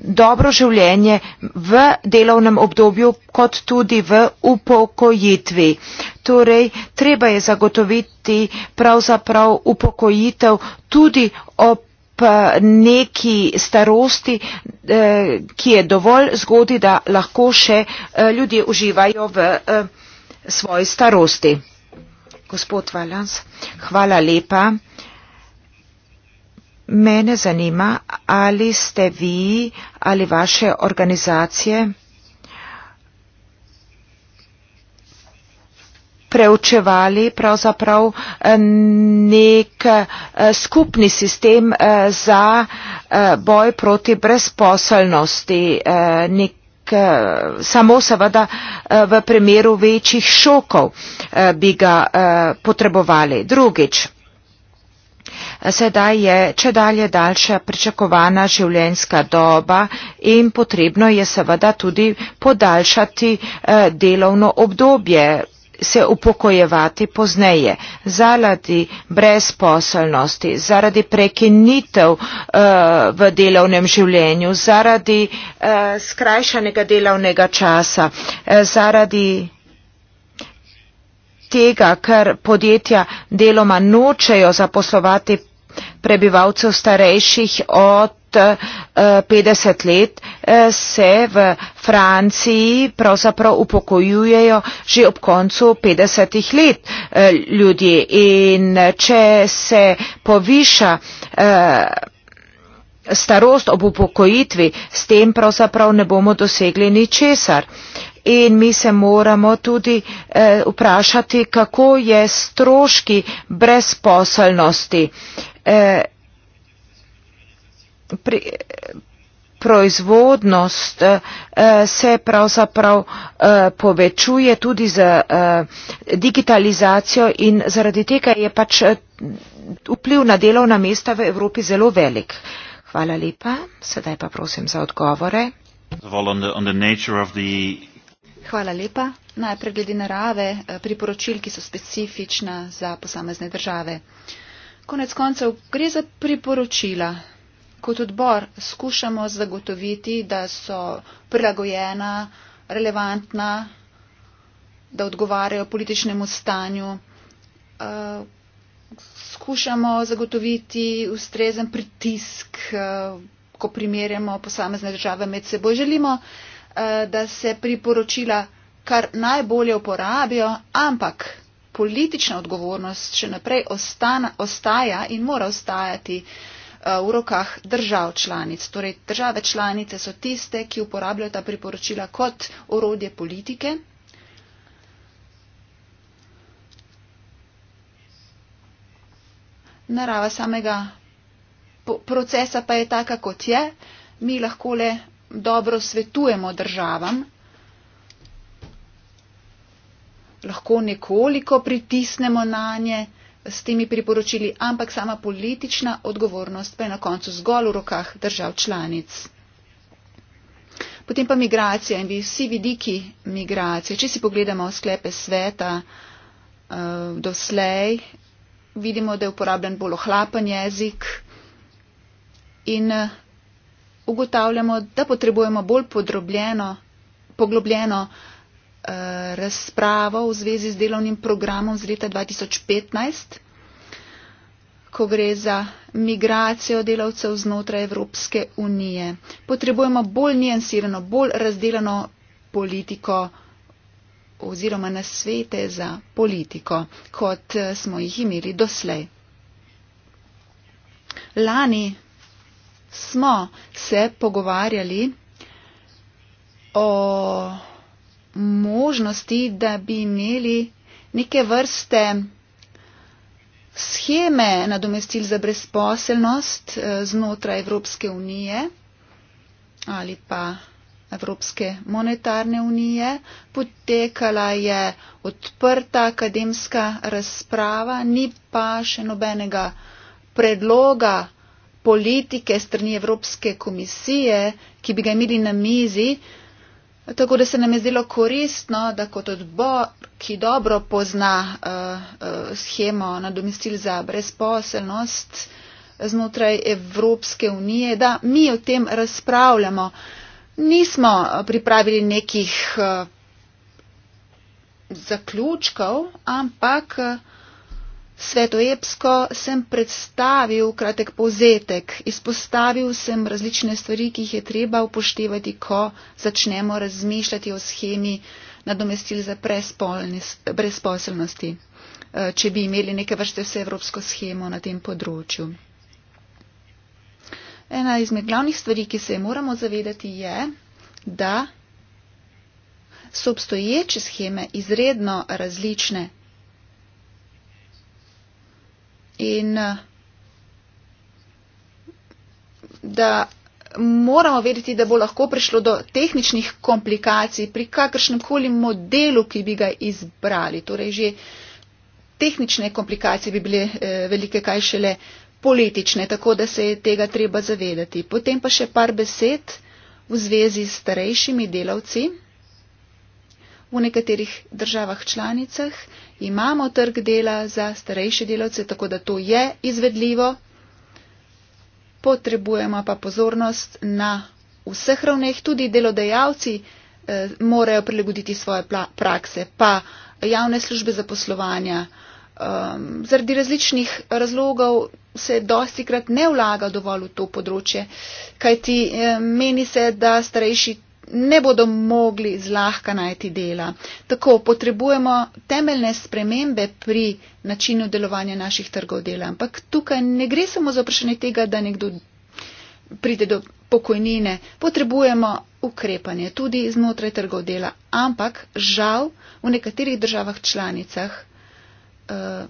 dobro življenje v delovnem obdobju kot tudi v upokojitvi. Torej, treba je zagotoviti pravzaprav upokojitev tudi ob ob eh, neki starosti, eh, ki je dovolj zgodi, da lahko še eh, ljudje uživajo v svoji starosti. Gospod Valans, hvala lepa. Mene zanima, ali ste vi ali vaše organizacije preučevali pravzaprav eh, nek eh, skupni sistem eh, za boj proti brezposelnosti. Nek samo seveda v primeru večjih šokov bi ga potrebovali. Drugič, sedaj je če dalje daljša pričakovana življenjska doba in potrebno je seveda tudi podaljšati delovno obdobje se upokojevati pozneje. Zaradi brezposelnosti, zaradi prekinitev uh, v delovnem življenju, zaradi uh, skrajšanega delovnega časa, uh, zaradi tega, ker podjetja deloma nočejo zaposlovati prebivalcev starejših od 50 let eh, se v Franciji pravzaprav upokojujejo že ob koncu 50 let eh, ljudje. In eh, če se poviša starost ob upokojitvi, s tem pravzaprav ne bomo dosegli ničesar. In mi se moramo tudi vprašati, kako je stroški brezposelnosti pri, proizvodnost eh, eh, se pravzaprav eh, povečuje tudi z eh, digitalizacijo in zaradi tega je pač eh, vpliv na delovna mesta v Evropi zelo velik. Hvala lepa. Sedaj pa prosim za odgovore. On the, on the the... Hvala lepa. Najprej glede narave eh, priporočil, ki so specifična za posamezne države. Konec koncev gre za priporočila kot odbor skušamo zagotoviti, da so prilagojena, relevantna, da odgovarjajo političnemu stanju. Eh, skušamo zagotoviti ustrezen pritisk, eh, ko primerjamo posamezne države med seboj. Želimo, eh, da se priporočila kar najbolje uporabijo, ampak politična odgovornost še naprej ostana, ostaja in mora ostajati uh, Eh, v rokah držav članic. Torej, države članice so tiste, ki uporabljajo ta priporočila kot orodje politike. Narava samega procesa pa je taka, kot je. Mi lahko le dobro svetujemo državam, lahko nekoliko pritisnemo na nje, s temi priporočili, ampak sama politična odgovornost pa je na koncu zgolj v rokah držav članic. Potem pa migracija in vsi vidiki migracije. Če si pogledamo sklepe sveta uh, doslej, vidimo, da je uporabljen bolj ohlapen jezik in uh, ugotavljamo, da potrebujemo bolj podrobljeno, poglobljeno uh, Eh, razpravo v zvezi z delovnim programom z leta 2015, ko gre za migracijo delavcev znotraj Evropske unije. Potrebujemo bolj njensirano, bolj razdeljeno politiko oziroma nasvete za politiko, kot eh, smo jih imeli doslej. Lani smo se pogovarjali o možnosti, da bi imeli neke vrste scheme nadomestil za brezposelnost eh, znotraj Evropske unije ali pa Evropske monetarne unije. Potekala je odprta akademska razprava, ni pa še nobenega predloga politike strani Evropske komisije, ki bi ga imeli na mizi. Tako da se nam je zdelo koristno, da kot odbor, ki dobro pozna uh, eh, uh, eh, schemo nadomestil za brezposelnost znotraj Evropske unije, da mi o tem razpravljamo. Nismo eh, pripravili nekih uh, zaključkov, ampak uh, svetoepsko sem predstavil kratek povzetek, izpostavil sem različne stvari, ki jih je treba upoštevati, ko začnemo razmišljati o schemi nadomestil za brezposelnosti, eh, če bi imeli neke vrste vseevropsko schemo na tem področju. Ena izmed glavnih stvari, ki se je moramo zavedati, je, da so obstoječe scheme izredno različne in eh, da moramo vedeti, da bo lahko prišlo do tehničnih komplikacij pri kakršnem koli modelu, ki bi ga izbrali. Torej že tehnične komplikacije bi bile eh, velike, kaj šele politične, tako da se je tega treba zavedati. Potem pa še par besed v zvezi s starejšimi delavci v nekaterih državah članicah imamo trg dela za starejše delavce, tako da to je izvedljivo. Potrebujemo pa pozornost na vseh ravneh, tudi delodajalci eh, morajo prilagoditi svoje prakse, pa javne službe za poslovanja. Um, ehm, zaradi različnih razlogov se dosti krat ne vlaga dovolj v to področje, kajti eh, meni se, da starejši ne bodo mogli zlahka najti dela. Tako potrebujemo temeljne spremembe pri načinu delovanja naših trgov dela. Ampak tukaj ne gre samo za vprašanje tega, da nekdo pride do pokojnine. Potrebujemo ukrepanje tudi znotraj trgov dela. Ampak žal v nekaterih državah članicah. Uh,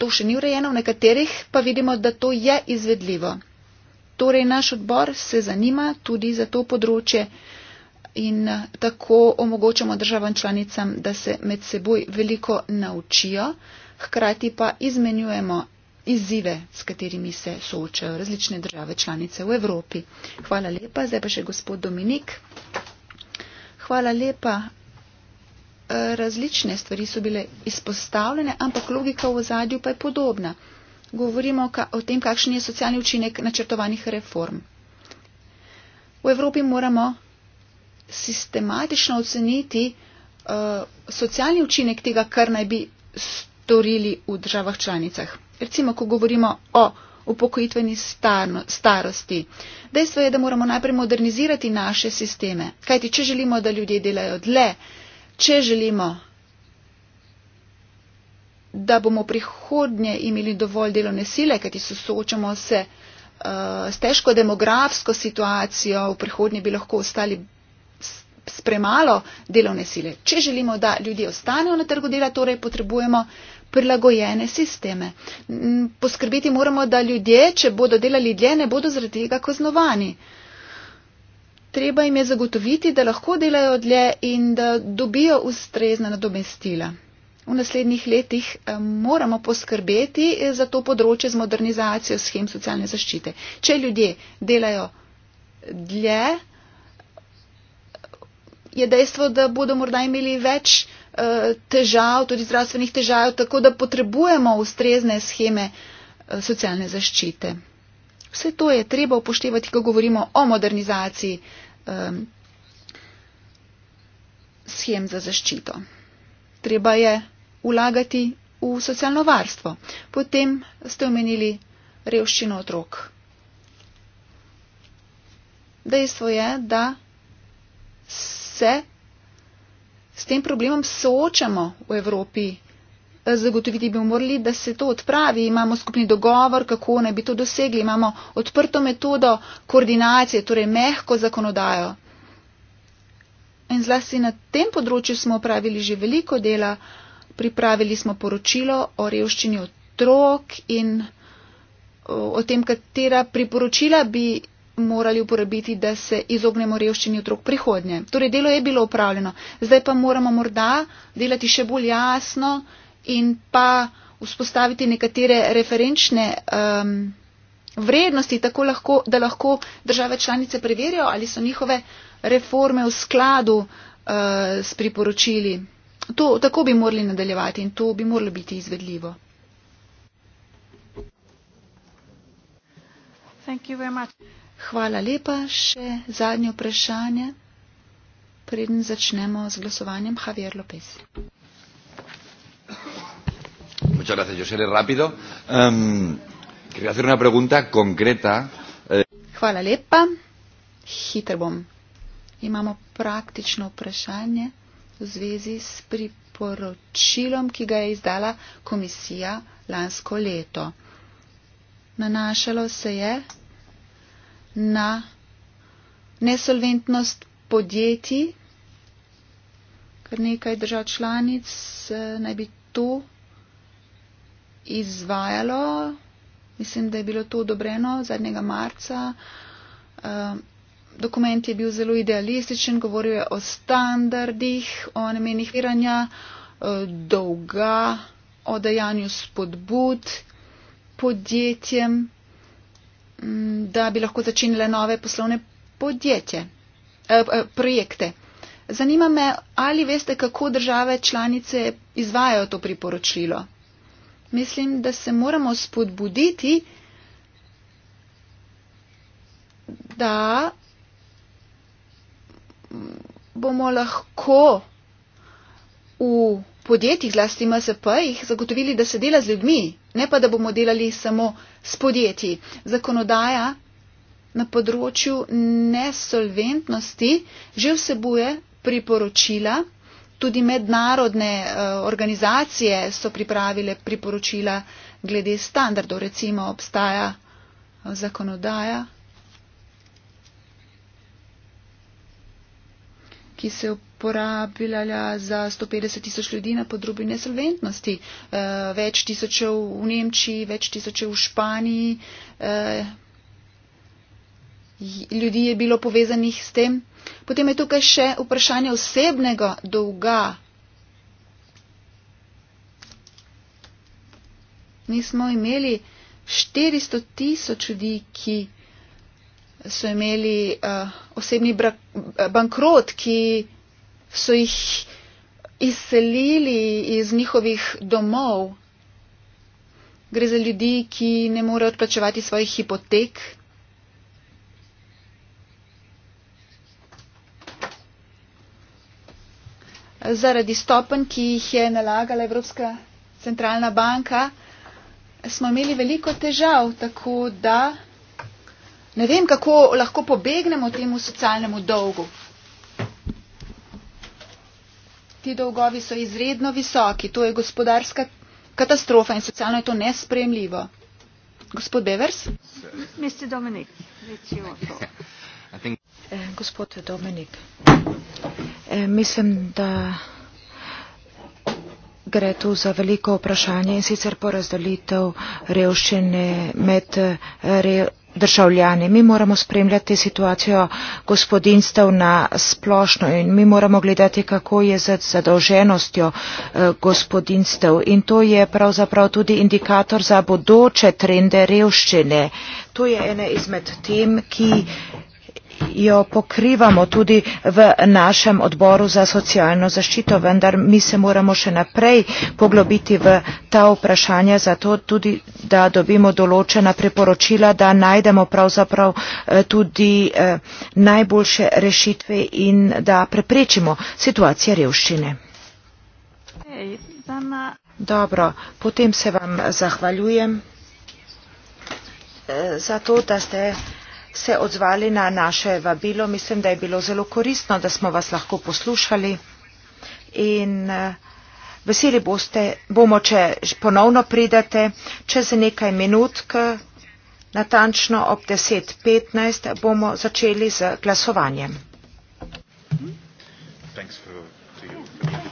To še ni urejeno, v nekaterih pa vidimo, da to je izvedljivo. Torej, naš odbor se zanima tudi za to področje in tako omogočamo državam članicam, da se med seboj veliko naučijo, hkrati pa izmenjujemo izzive, s katerimi se soočajo različne države članice v Evropi. Hvala lepa. Zdaj pa še gospod Dominik. Hvala lepa. Različne stvari so bile izpostavljene, ampak logika v zadju pa je podobna govorimo o tem, kakšen je socialni učinek načrtovanih reform. V Evropi moramo sistematično oceniti uh, socialni učinek tega, kar naj bi storili v državah članicah. Recimo, ko govorimo o upokojitveni starno, starosti. Dejstvo je, da moramo najprej modernizirati naše sisteme. Kajti, če želimo, da ljudje delajo dlje, če želimo, da bomo prihodnje imeli dovolj delovne sile, kajti se soočamo se uh, s težko demografsko situacijo, v prihodnje bi lahko ostali s premalo delovne sile. Če želimo, da ljudje ostanejo na trgu dela, torej potrebujemo prilagojene sisteme. Poskrbeti moramo, da ljudje, če bodo delali dlje, ne bodo zaradi tega kaznovani. Treba jim je zagotoviti, da lahko delajo dlje in da dobijo ustrezna nadomestila v naslednjih letih moramo poskrbeti za to področje z modernizacijo schem socialne zaščite. Če ljudje delajo dlje, je dejstvo, da bodo morda imeli več eh, težav, tudi zdravstvenih težav, tako da potrebujemo ustrezne scheme eh, socialne zaščite. Vse to je treba upoštevati, ko govorimo o modernizaciji um, schem za zaščito. Treba je vlagati v socialno varstvo. Potem ste omenili revščino otrok. Dejstvo je, da se s tem problemom soočamo v Evropi. Zagotoviti bi morali, da se to odpravi. Imamo skupni dogovor, kako naj bi to dosegli. Imamo odprto metodo koordinacije, torej mehko zakonodajo. In zlasti na tem področju smo upravili že veliko dela, pripravili smo poročilo o revščini otrok in o tem, katera priporočila bi morali uporabiti, da se izognemo revščini otrok prihodnje. Torej, delo je bilo upravljeno. Zdaj pa moramo morda delati še bolj jasno in pa vzpostaviti nekatere referenčne um, vrednosti, tako lahko, da lahko države članice preverijo, ali so njihove reforme v skladu uh, s priporočili to, tako bi morali nadaljevati in to bi moralo biti izvedljivo. Hvala lepa. Še zadnje vprašanje. Preden začnemo z glasovanjem, Javier Lopez. Muchas gracias. Yo seré rápido. Um, quería hacer una pregunta concreta. Hvala lepa. Hiter bom. Imamo praktično vprašanje v zvezi s priporočilom, ki ga je izdala komisija lansko leto. Nanašalo se je na nesolventnost podjetij, kar nekaj držav članic eh, naj bi to izvajalo. Mislim, da je bilo to odobreno zadnjega marca. Eh, Dokument je bil zelo idealističen, govoril je o standardih, o namenih viranja, eh, dolga, o dajanju spodbud podjetjem, mm, da bi lahko začinile nove poslovne podjetje, eh, eh, projekte. Zanima me, ali veste, kako države članice izvajajo to priporočilo. Mislim, da se moramo spodbuditi, da bomo lahko v podjetjih, zlasti MSP-jih, zagotovili, da se dela z ljudmi, ne pa, da bomo delali samo s podjetji. Zakonodaja na področju nesolventnosti že vsebuje priporočila, tudi mednarodne eh, organizacije so pripravile priporočila glede standardov, recimo obstaja eh, zakonodaja. ki se je uporabljala za 150 tisoč ljudi na podrobju nesolventnosti. Eh, več tisočev v Nemčiji, več tisočev v Španiji. Eh, ljudi je bilo povezanih s tem. Potem je tukaj še vprašanje osebnega dolga. Mi smo imeli 400 tisoč ljudi, ki so imeli uh, osebni bankrot, ki so jih izselili iz njihovih domov. Gre za ljudi, ki ne morejo odplačevati svojih hipotek. Zaradi stopen, ki jih je nalagala Evropska centralna banka, smo imeli veliko težav, tako da. Ne vem, kako lahko pobegnemo temu socialnemu dolgu. Ti dolgovi so izredno visoki, to je gospodarska katastrofa in socialno je to nespremljivo. Gospod Bevers? Mr. Dominik, eh, Gospod Dominik, eh, mislim, da gre tu za veliko vprašanje in sicer porazdelitev revščine med eh, re, državljani. Mi moramo spremljati situacijo gospodinstev na splošno in mi moramo gledati, kako je z zadolženostjo eh, gospodinstev. In to je pravzaprav tudi indikator za bodoče trende revščine. To je ena izmed tem, ki jo pokrivamo tudi v našem odboru za socialno zaščito, vendar mi se moramo še naprej poglobiti v ta vprašanja, zato tudi, da dobimo določena priporočila, da najdemo pravzaprav eh, tudi eh, najboljše rešitve in da preprečimo situacije revščine. Dobro, potem se vam zahvaljujem eh, za to, da ste se odzvali na naše vabilo. Mislim, da je bilo zelo koristno, da smo vas lahko poslušali. In eh, veseli boste, bomo, če ponovno pridete, čez nekaj minutk, natančno ob 10.15, bomo začeli z glasovanjem. Thanks for the...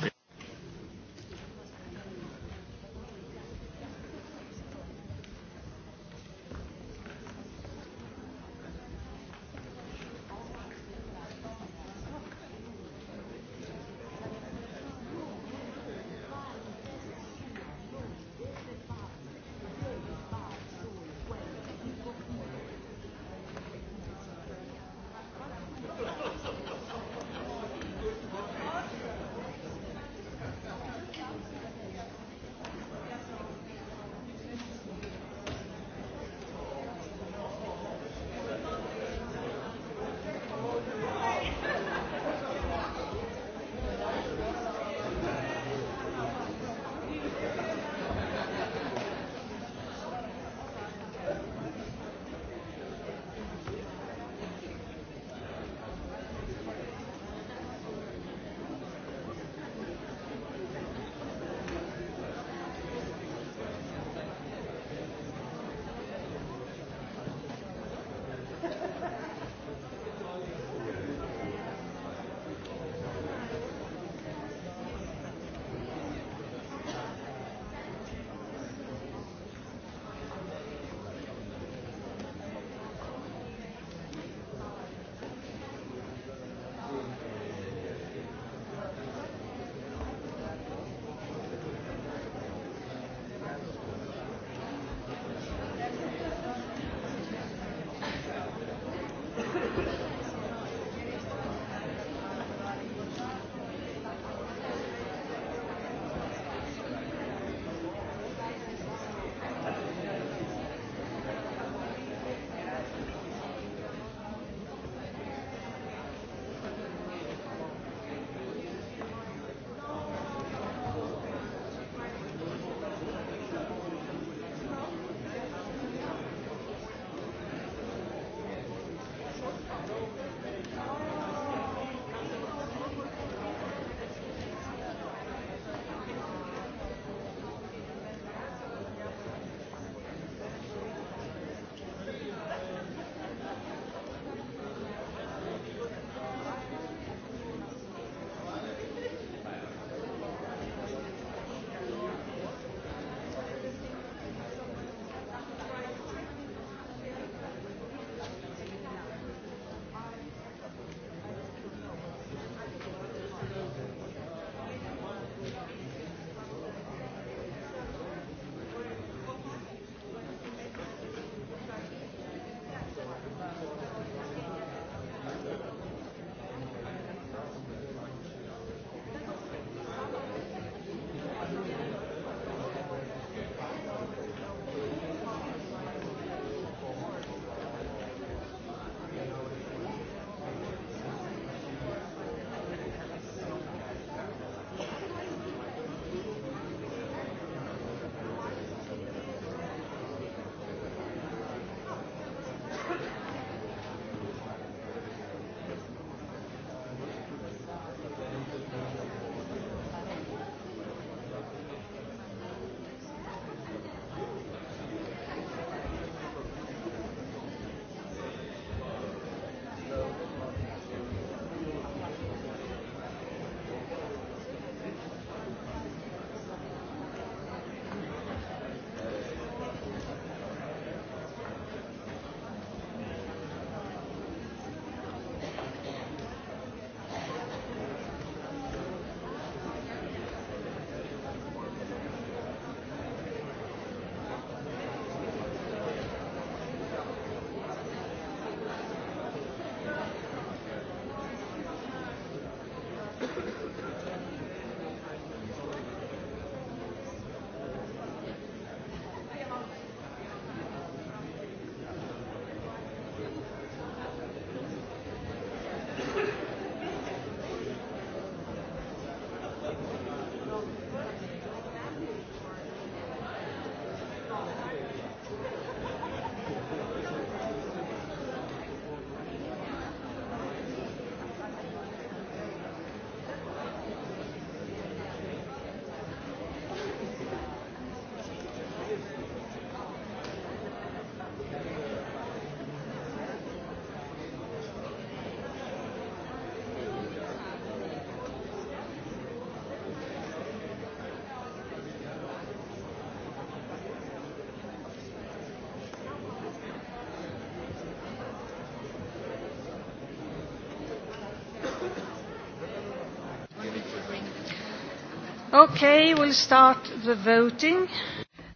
Okay, we'll start the voting.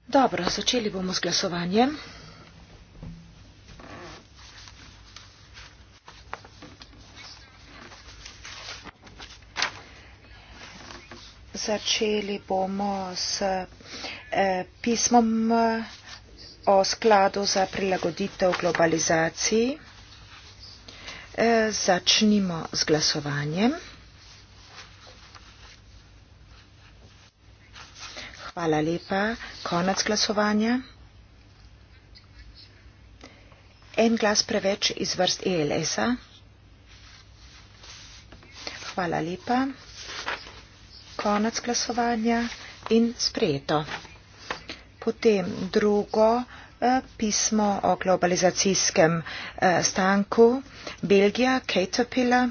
Dobro, začeli bomo z glasovanjem. Začeli bomo s eh, pismom eh, o skladu za prilagoditev globalizaciji. Eh, začnimo z glasovanjem. Hvala lepa. Konec glasovanja. En glas preveč iz vrst ELS-a. Hvala lepa. Konec glasovanja in sprejeto. Potem drugo eh, pismo o globalizacijskem eh, stanku Belgija, Caterpillar.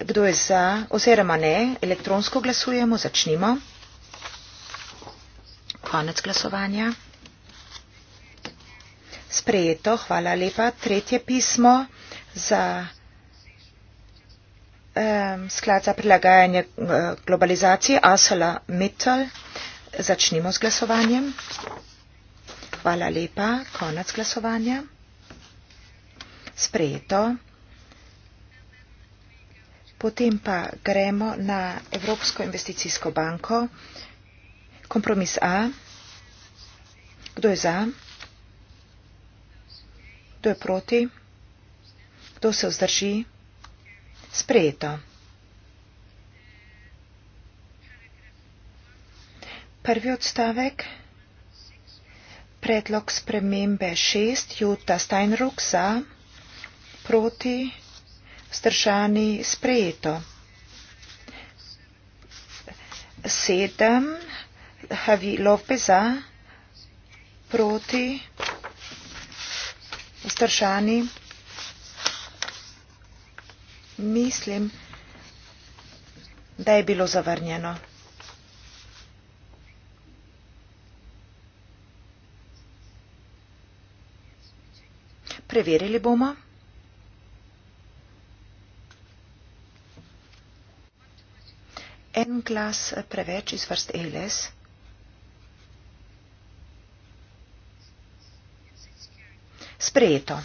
Kdo je za oziroma ne? Elektronsko glasujemo, začnimo. Konec glasovanja. Sprejeto, hvala lepa. Tretje pismo za um, sklad za prilagajanje eh, globalizaciji Asala Mittal. Začnimo s glasovanjem. Hvala lepa. Konec glasovanja. Sprejeto. Potem pa gremo na Evropsko investicijsko banko. Kompromis A. Kdo je za? Kdo je proti? Kdo se vzdrži? Sprejeto. Prvi odstavek. Predlog spremembe šest. Juta Steinruck za. Proti. Vzdržani. Sprejeto. Sedem. Havi Lovbe za proti, vzdržani. Mislim, da je bilo zavrnjeno. Preverili bomo. En glas preveč iz vrst LS. sprejeto.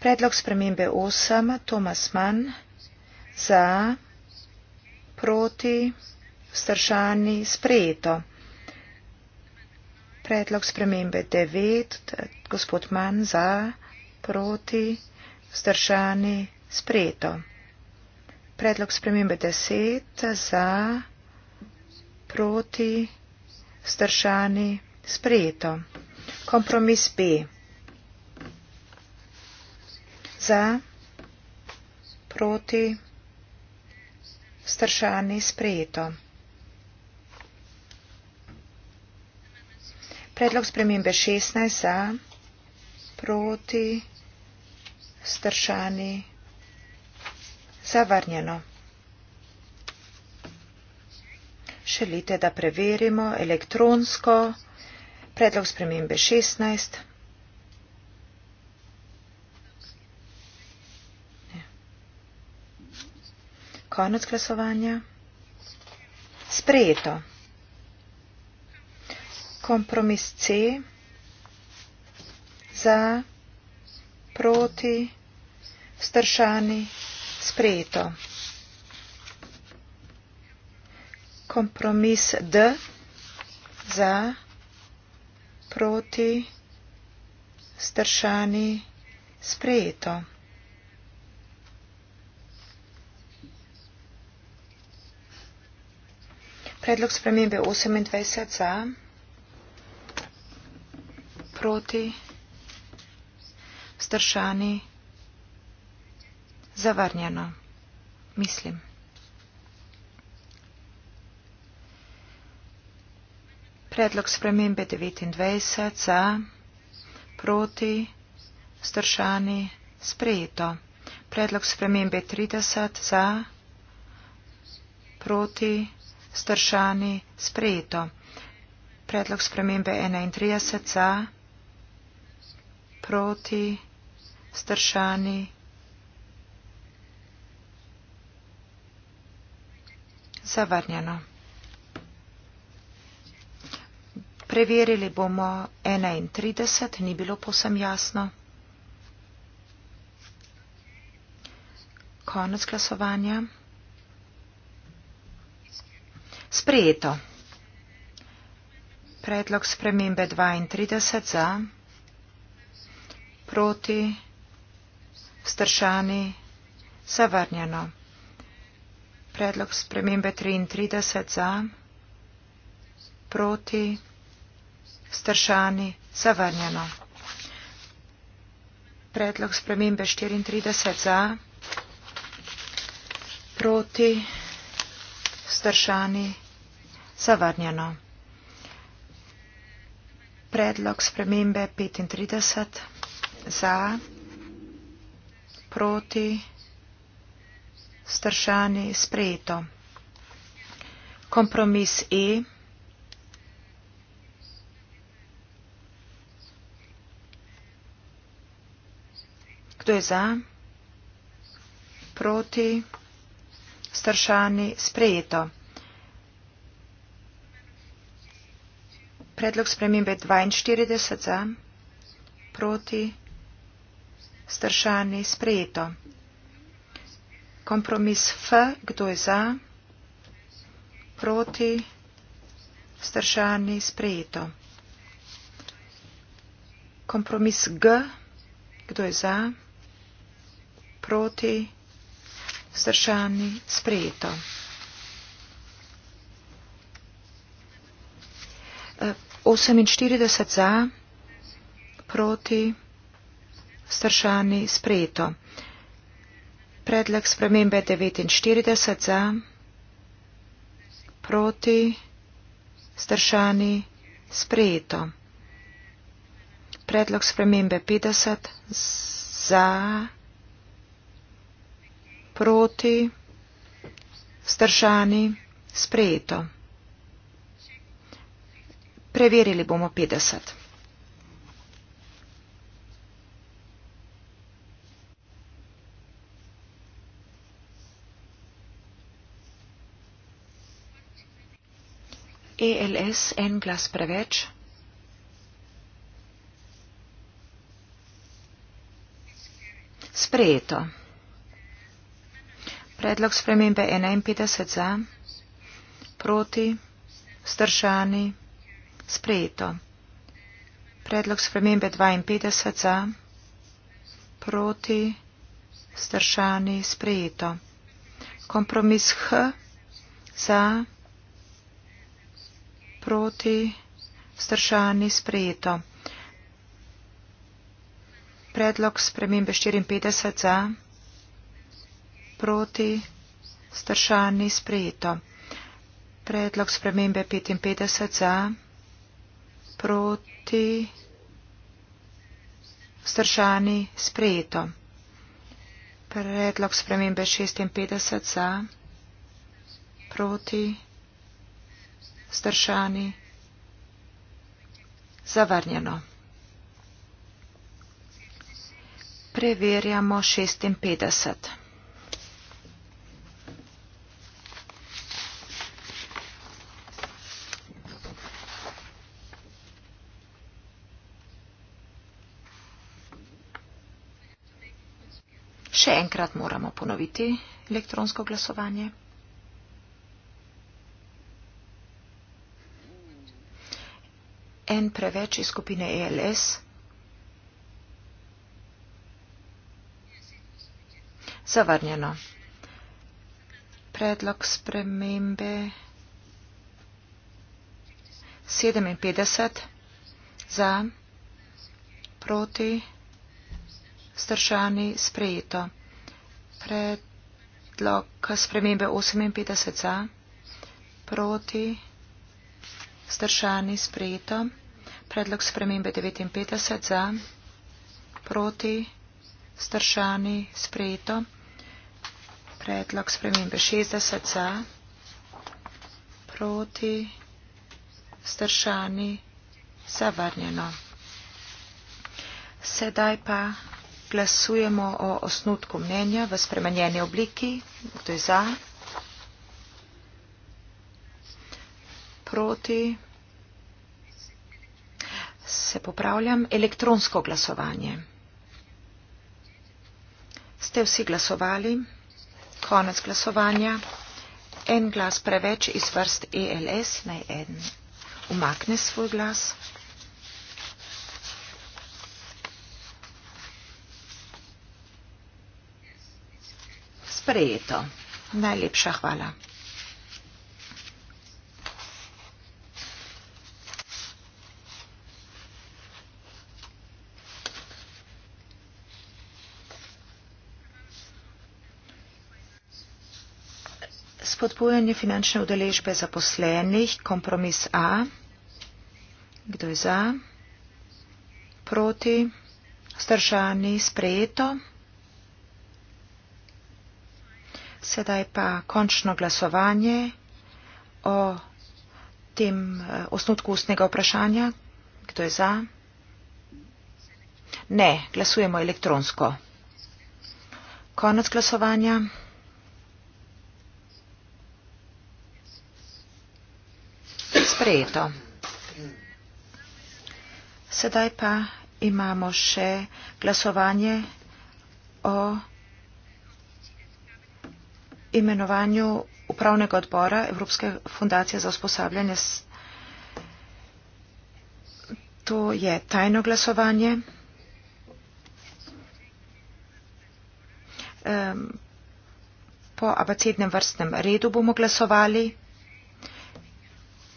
Predlog spremembe 8, Tomas Mann, za, proti, vstršani, sprejeto. Predlog spremembe 9, gospod Mann, za, proti, vstršani, sprejeto. Predlog spremembe 10, za, proti, vstršani. Stršani, sprejeto. Kompromis B. Za, proti, stršani, sprejeto. Predlog spremembe 16 za, proti, stršani, zavrnjeno. Želite, da preverimo elektronsko predlog spremembe 16? Ne. Konec glasovanja. Sprejeto. Kompromis C za proti vstršani sprejeto. kompromis D za proti stršani sprejeto. Predlog spremembe 28 za proti stršani zavrnjeno, mislim. Predlog spremembe 29 za, proti, stršani, sprejeto. Predlog spremembe 30 za, proti, stršani, sprejeto. Predlog spremembe 31 za, proti, stršani. Zavrnjeno. Preverili bomo 31, ni bilo posem jasno. Konec glasovanja. Sprejeto. Predlog spremembe 32 za, proti, stršani, zavrnjeno. Predlog spremembe 33 za, proti, stršani, zavrnjeno stršani zavrnjeno. Predlog spremembe 34 za, proti stršani zavrnjeno. Predlog spremembe 35 za, proti stršani sprejeto. Kompromis E. Kdo je za? Proti? Stršani? Sprejeto. Predlog spremembe 42 za, proti, stršani, sprejeto. Kompromis F, kdo je za, proti, stršani, sprejeto. Kompromis G, kdo je za, proti proti, vzdržani, sprejeto. Oseminštirideset za, proti, vzdržani, sprejeto. Predlog spremembe devetinštirideset za, proti, vzdržani, sprejeto. Predlog spremembe petdeset za, proti, vzdržani, sprejeto proti, stršani, sprejeto. Preverili bomo 50. ELS, en glas preveč. Sprejeto. Predlog spremembe 51 za, proti, vzdržani, sprejeto. Predlog spremembe 52 za, proti, vzdržani, sprejeto. Kompromis H za, proti, vzdržani, sprejeto. Predlog spremembe 54 za proti stršani sprejeto. Predlog spremembe 55 za proti stršani sprejeto. Predlog spremembe 56 za proti stršani zavrnjeno. Preverjamo 56. enkrat moramo ponoviti elektronsko glasovanje. En preveč iz skupine ELS. Zavrnjeno. Predlog spremembe 57 za proti stršani sprejeto predlog spremembe 58 za, proti, zdržani sprejeto, predlog spremembe 59 za, proti, zdržani sprejeto, predlog spremembe 60 za, proti, zdržani zavrnjeno. Sedaj pa Glasujemo o osnutku mnenja v spremenjeni obliki. Kdo je za? Proti? Se popravljam. Elektronsko glasovanje. Ste vsi glasovali? Konec glasovanja. En glas preveč iz vrst ELS. Naj en umakne svoj glas. sprejeto. Najlepša hvala. Spodbujanje finančne udeležbe zaposlenih, kompromis A. Kdo je za? Proti? Stržani? Sprejeto? Sedaj pa končno glasovanje o tem eh, osnutku ustnega vprašanja. Kdo je za? Ne, glasujemo elektronsko. Konec glasovanja. Sprejeto. Sedaj pa imamo še glasovanje o imenovanju upravnega odbora Evropske fundacije za usposabljanje. To je tajno glasovanje. Po abecednem vrstnem redu bomo glasovali.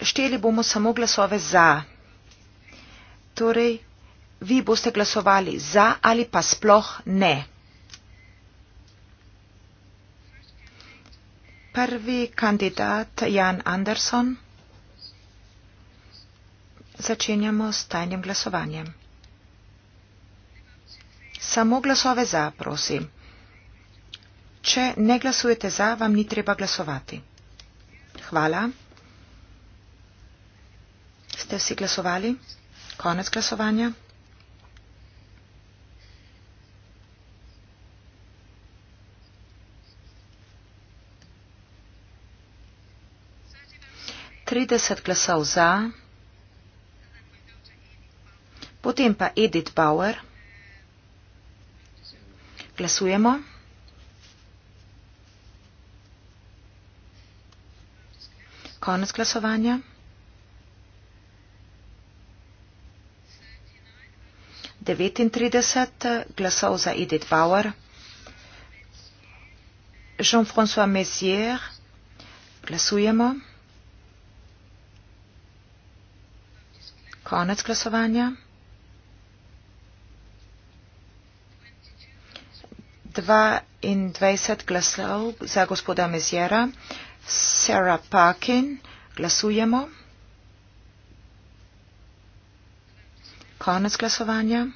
Šteli bomo samo glasove za. Torej, vi boste glasovali za ali pa sploh ne. prvi kandidat Jan Anderson. Začenjamo s tajnim glasovanjem. Samo glasove za, prosim. Če ne glasujete za, vam ni treba glasovati. Hvala. Ste vsi glasovali? Konec glasovanja. 30 glasov za, potem pa Edith Bauer. Glasujemo. Konec glasovanja. 39 glasov za Edith Bauer. Jean-François Messier. Glasujemo. Konec glasovanja. 22 glasov za gospoda Mezjera. Sarah Parkin, glasujemo. Konec glasovanja.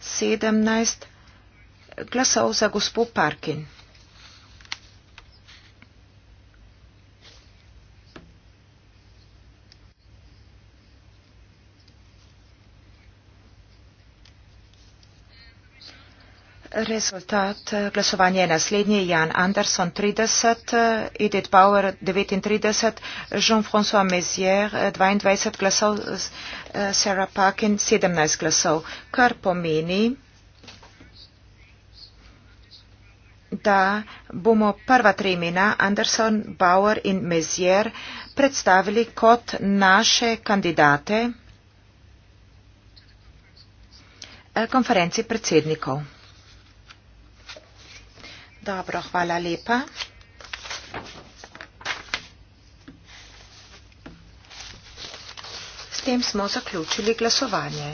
17 glasov za gospod Parkin. Rezultat eh, glasovanja je naslednji. Jan Anderson 30, eh, Edith Bauer 39, Jean-François Mezier 22 eh, glasov, Sarah Parkin 17 glasov, kar pomeni, da bomo prva tri imena, Anderson, Bauer in Mezier, predstavili kot naše kandidate konferenci predsednikov. Dobro, hvala lepa. S tem smo zaključili glasovanje.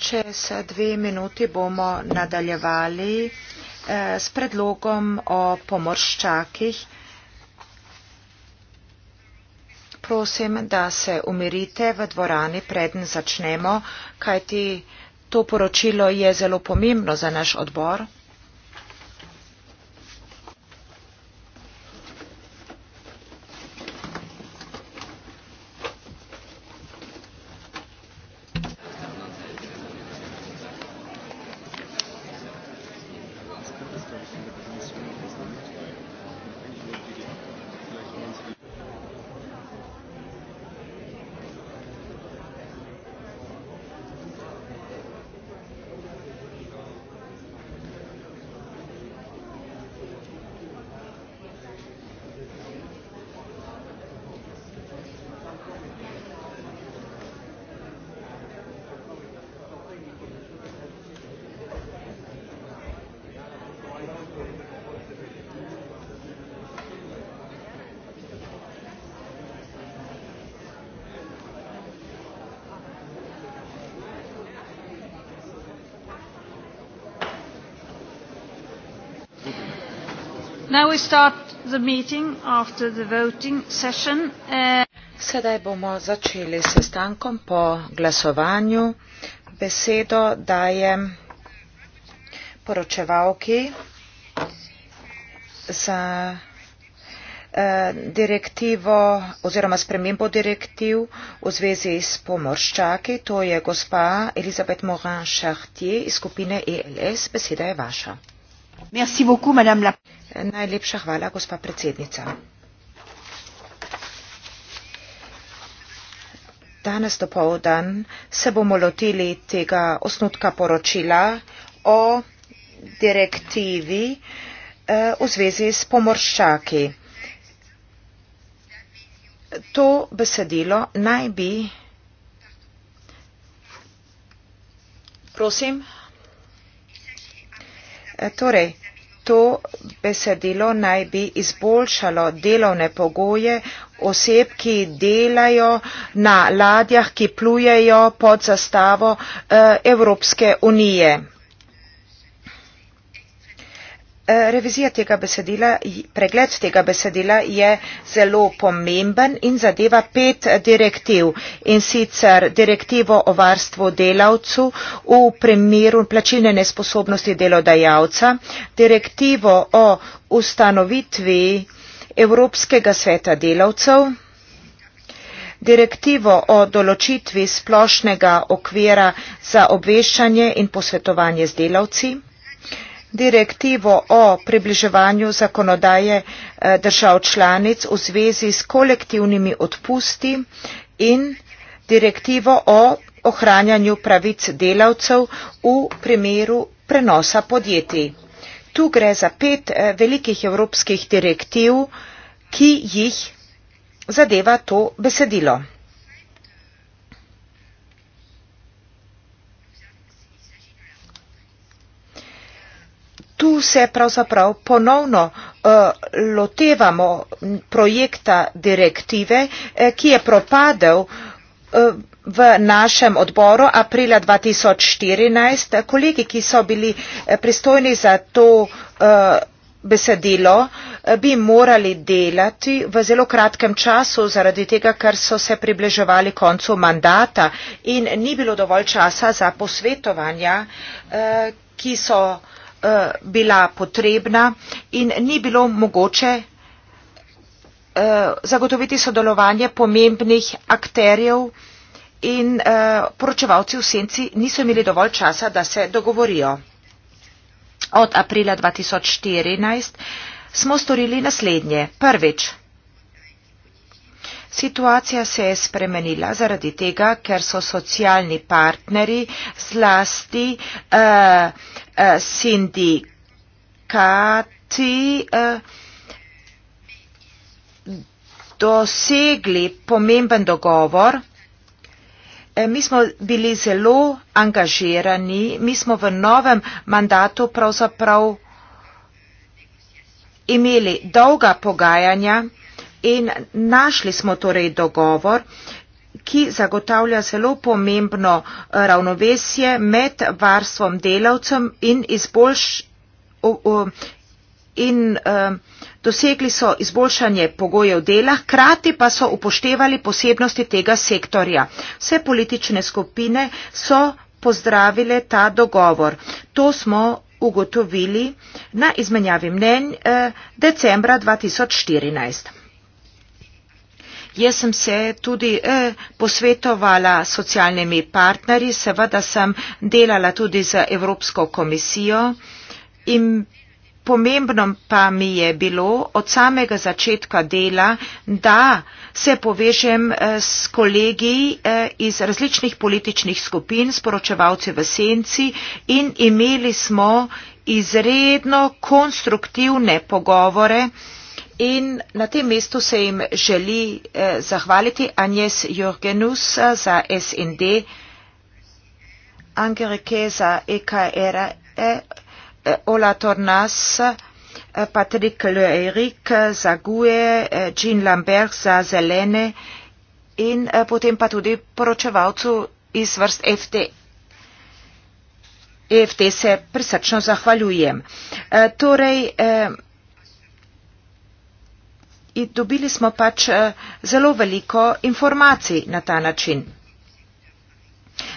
Čez eh, dve minuti bomo nadaljevali eh, s predlogom o pomorščakih. Prosim, da se umirite v dvorani, preden začnemo, kajti to poročilo je zelo pomembno za naš odbor. Uh, Sedaj bomo začeli s sestankom po glasovanju. Besedo dajem poročevalki za eh, direktivo oziroma spremembo direktiv v zvezi s pomorščaki. To je gospa Elizabeth Morin-Chartier iz skupine ELS. Beseda je vaša. Merci beaucoup, madame la Najlepša hvala, gospa predsednica. Danes dopoldan se bomo lotili tega osnutka poročila o direktivi eh, v zvezi s pomorščaki. To besedilo naj bi. Prosim. Eh, torej, To besedilo naj bi izboljšalo delovne pogoje oseb, ki delajo na ladjah, ki plujejo pod zastavo eh, Evropske unije. Eh, revizija tega besedila, pregled tega besedila je zelo pomemben in zadeva pet eh, direktiv in sicer direktivo o varstvu delavcu v primeru plačilne nesposobnosti delodajalca, direktivo o ustanovitvi Evropskega sveta delavcev, direktivo o določitvi splošnega okvira za obveščanje in posvetovanje z delavci, direktivo o približevanju zakonodaje eh, držav članic v zvezi s kolektivnimi odpusti in direktivo o ohranjanju pravic delavcev v primeru prenosa podjetij. Tu gre za pet eh, velikih evropskih direktiv, ki jih zadeva to besedilo. tu se pravzaprav ponovno uh, lotevamo projekta direktive, eh, ki je propadel uh, v našem odboru aprila 2014. Kolegi, ki so bili eh, pristojni za to uh, besedilo, bi morali delati v zelo kratkem času, zaradi tega, ker so se približevali koncu mandata in ni bilo dovolj časa za posvetovanja, ki so Eh, bila potrebna in ni bilo mogoče eh, zagotoviti sodelovanje pomembnih akterjev in eh, poročevalci v senci niso imeli dovolj časa, da se dogovorijo. Od aprila 2014 smo storili naslednje. Prvič, situacija se je spremenila zaradi tega, ker so socialni partneri zlasti eh, Eh, sindikati eh, dosegli pomemben dogovor. Eh, mi smo bili zelo angažirani, mi smo v novem mandatu pravzaprav imeli dolga pogajanja in našli smo torej dogovor ki zagotavlja zelo pomembno eh, ravnovesje med varstvom delavcem in izboljšanjem. Eh, dosegli so izboljšanje pogojev dela, hkrati pa so upoštevali posebnosti tega sektorja. Vse politične skupine so pozdravile ta dogovor. To smo ugotovili na izmenjavi mnen eh, decembra 2014. Jaz sem se tudi eh, posvetovala s socialnimi partnerji, seveda sem delala tudi z Evropsko komisijo in pomembno pa mi je bilo od samega začetka dela, da se povežem eh, s kolegi eh, iz različnih političnih skupin, sporočevalci v senci in imeli smo izredno konstruktivne pogovore, eh, In na tem mestu se jim želi eh, zahvaliti Agnes Jorgenus eh, za SND, Angereke za EKR, eh, eh, Ola Tornas, eh, Patrick Leeric eh, za GUE, eh, Jean Lambert za Zelene in eh, potem pa tudi poročevalcu iz vrst FT. EFT se prisrčno zahvaljujem. Eh, torej, eh, dobili smo pač eh, zelo veliko informacij na ta način.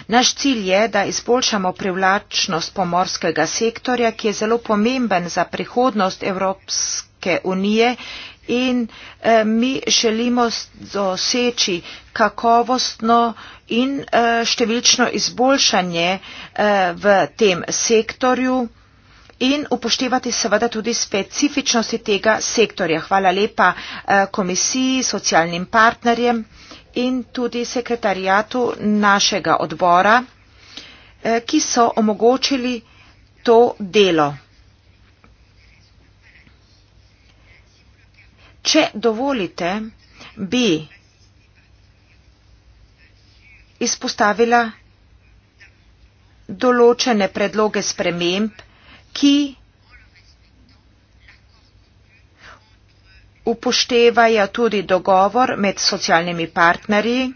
Naš cilj je, da izboljšamo privlačnost pomorskega sektorja, ki je zelo pomemben za prihodnost Evropske unije in eh, mi želimo doseči kakovostno in eh, številčno izboljšanje v tem sektorju in upoštevati seveda tudi specifičnosti tega sektorja. Hvala lepa eh, komisiji, socialnim partnerjem in tudi sekretarijatu našega odbora, eh, ki so omogočili to delo. Če dovolite, bi izpostavila določene predloge sprememb, ki upoštevajo tudi dogovor med socialnimi partnerji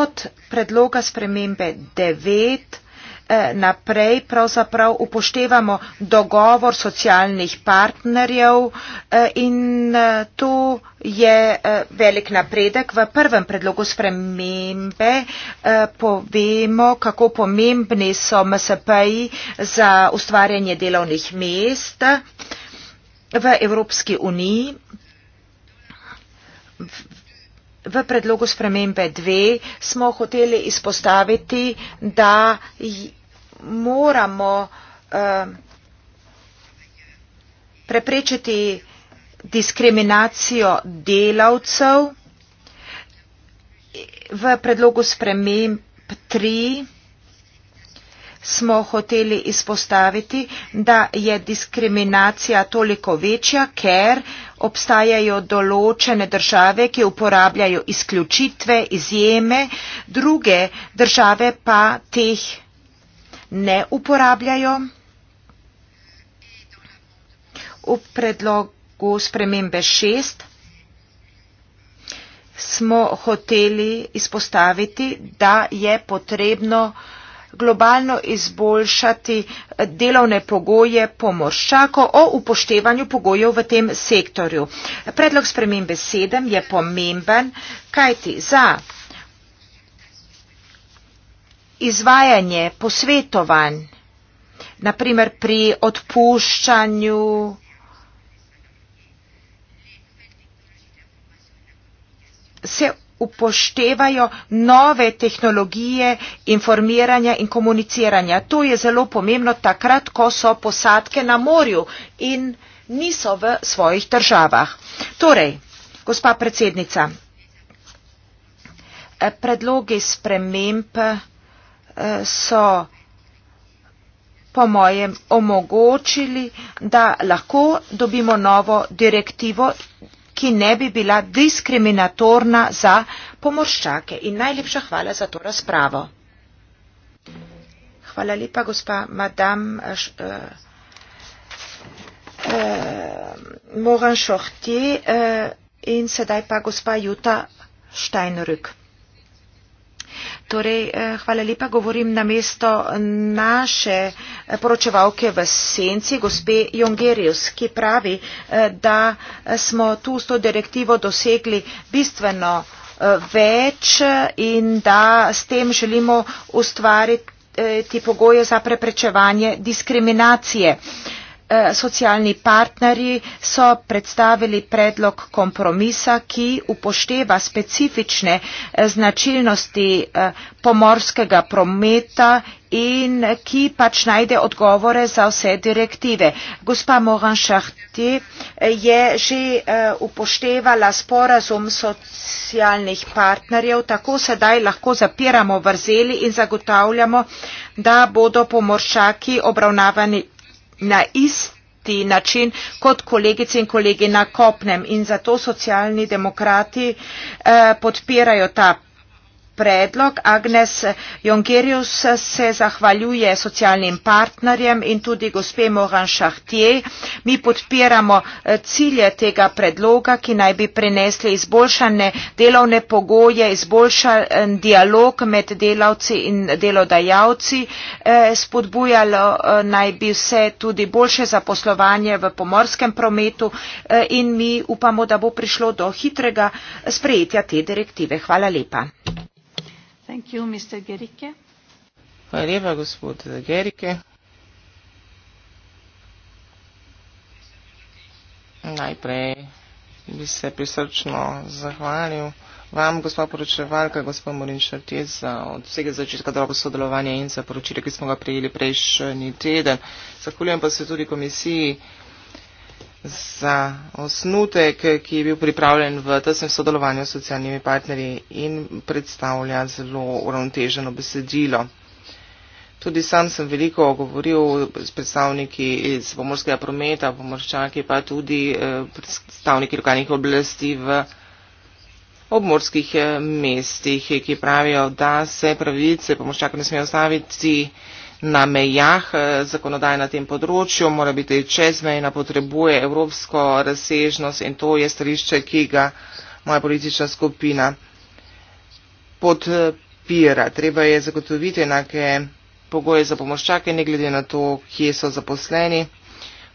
od predloga spremembe devet Eh, naprej pravzaprav upoštevamo dogovor socialnih partnerjev eh, in eh, to je velik napredek. V prvem predlogu spremembe povemo, kako pomembni so MSP-ji za ustvarjanje delovnih mest v Evropski uniji. V predlogu spremembe 2 smo hoteli izpostaviti, da moramo eh, preprečiti diskriminacijo delavcev. V predlogu sprememb 3 smo hoteli izpostaviti, da je diskriminacija toliko večja, ker obstajajo določene države, ki uporabljajo izključitve, izjeme, druge države pa teh ne uporabljajo. V predlogu spremembe 6 smo hoteli izpostaviti, da je potrebno globalno izboljšati delovne pogoje pomorščako o upoštevanju pogojev v tem sektorju. Predlog spremembe 7 je pomemben, kajti za izvajanje posvetovanj, naprimer pri odpuščanju, se upoštevajo nove tehnologije informiranja in komuniciranja. To je zelo pomembno takrat, ko so posadke na morju in niso v svojih državah. Torej, gospa predsednica, eh, predlogi sprememb Eh, so po mojem omogočili, da lahko dobimo novo direktivo, ki ne bi bila diskriminatorna za pomorščake. In najlepša hvala za to razpravo. Hvala lepa, gospa madam uh, uh, Moran Šohti uh, in sedaj pa gospa Juta Steinrück. Torej, eh, hvala lepa, govorim na mesto naše eh, poročevalke v senci, gospe Jongerius, ki pravi, eh, da smo tu s to direktivo dosegli bistveno več in da s tem želimo ustvariti pogoje za preprečevanje diskriminacije. Eh, socialni partnerji so predstavili predlog kompromisa, ki upošteva specifične eh, značilnosti eh, pomorskega prometa in ki pač najde odgovore za vse direktive. Gospa Moran Šahti je že upoštevala sporazum socialnih partnerjev, tako sedaj lahko zapiramo vrzeli in zagotavljamo, da bodo pomorščaki obravnavani na isti način kot kolegice in kolegi na kopnem. In zato socialni demokrati eh, podpirajo ta predlog. Agnes Jongerius se zahvaljuje socialnim partnerjem in tudi gospe Moran Šahtier. Mi podpiramo eh, cilje tega predloga, ki naj bi prinesli izboljšane delovne pogoje, izboljšan eh, dialog med delavci in delodajalci, eh, spodbujalo naj bi vse tudi boljše zaposlovanje v pomorskem prometu in mi upamo, da bo prišlo do hitrega sprejetja te direktive. Hvala lepa. Thank you, Mr. Gerike. Hvala lepa, gospod Gerike. Najprej bi se prisrčno zahvalil vam, gospod poročevalka, gospod Morin Šartje, za od vsega začetka dolgo sodelovanja in za poročile, ki smo ga prijeli prejšnji teden. Zahvaljujem pa se tudi komisiji za osnutek, ki je bil pripravljen v tesnem sodelovanju s socialnimi partnerji in predstavlja zelo uravnoteženo besedilo. Tudi sam sem veliko govoril s predstavniki iz pomorskega prometa, pomorščaki pa tudi eh, predstavniki lokalnih oblasti v obmorskih eh, mestih, ki pravijo, da se pravice pomorščakov ne smejo ostaviti na mejah. Eh, Zakonodaja na tem področju mora biti čezmejna, potrebuje evropsko razsežnost in to je stališče, ki ga moja politična skupina podpira. Treba je zagotoviti enake pogoje za pomoščake, ne glede na to, kje so zaposleni.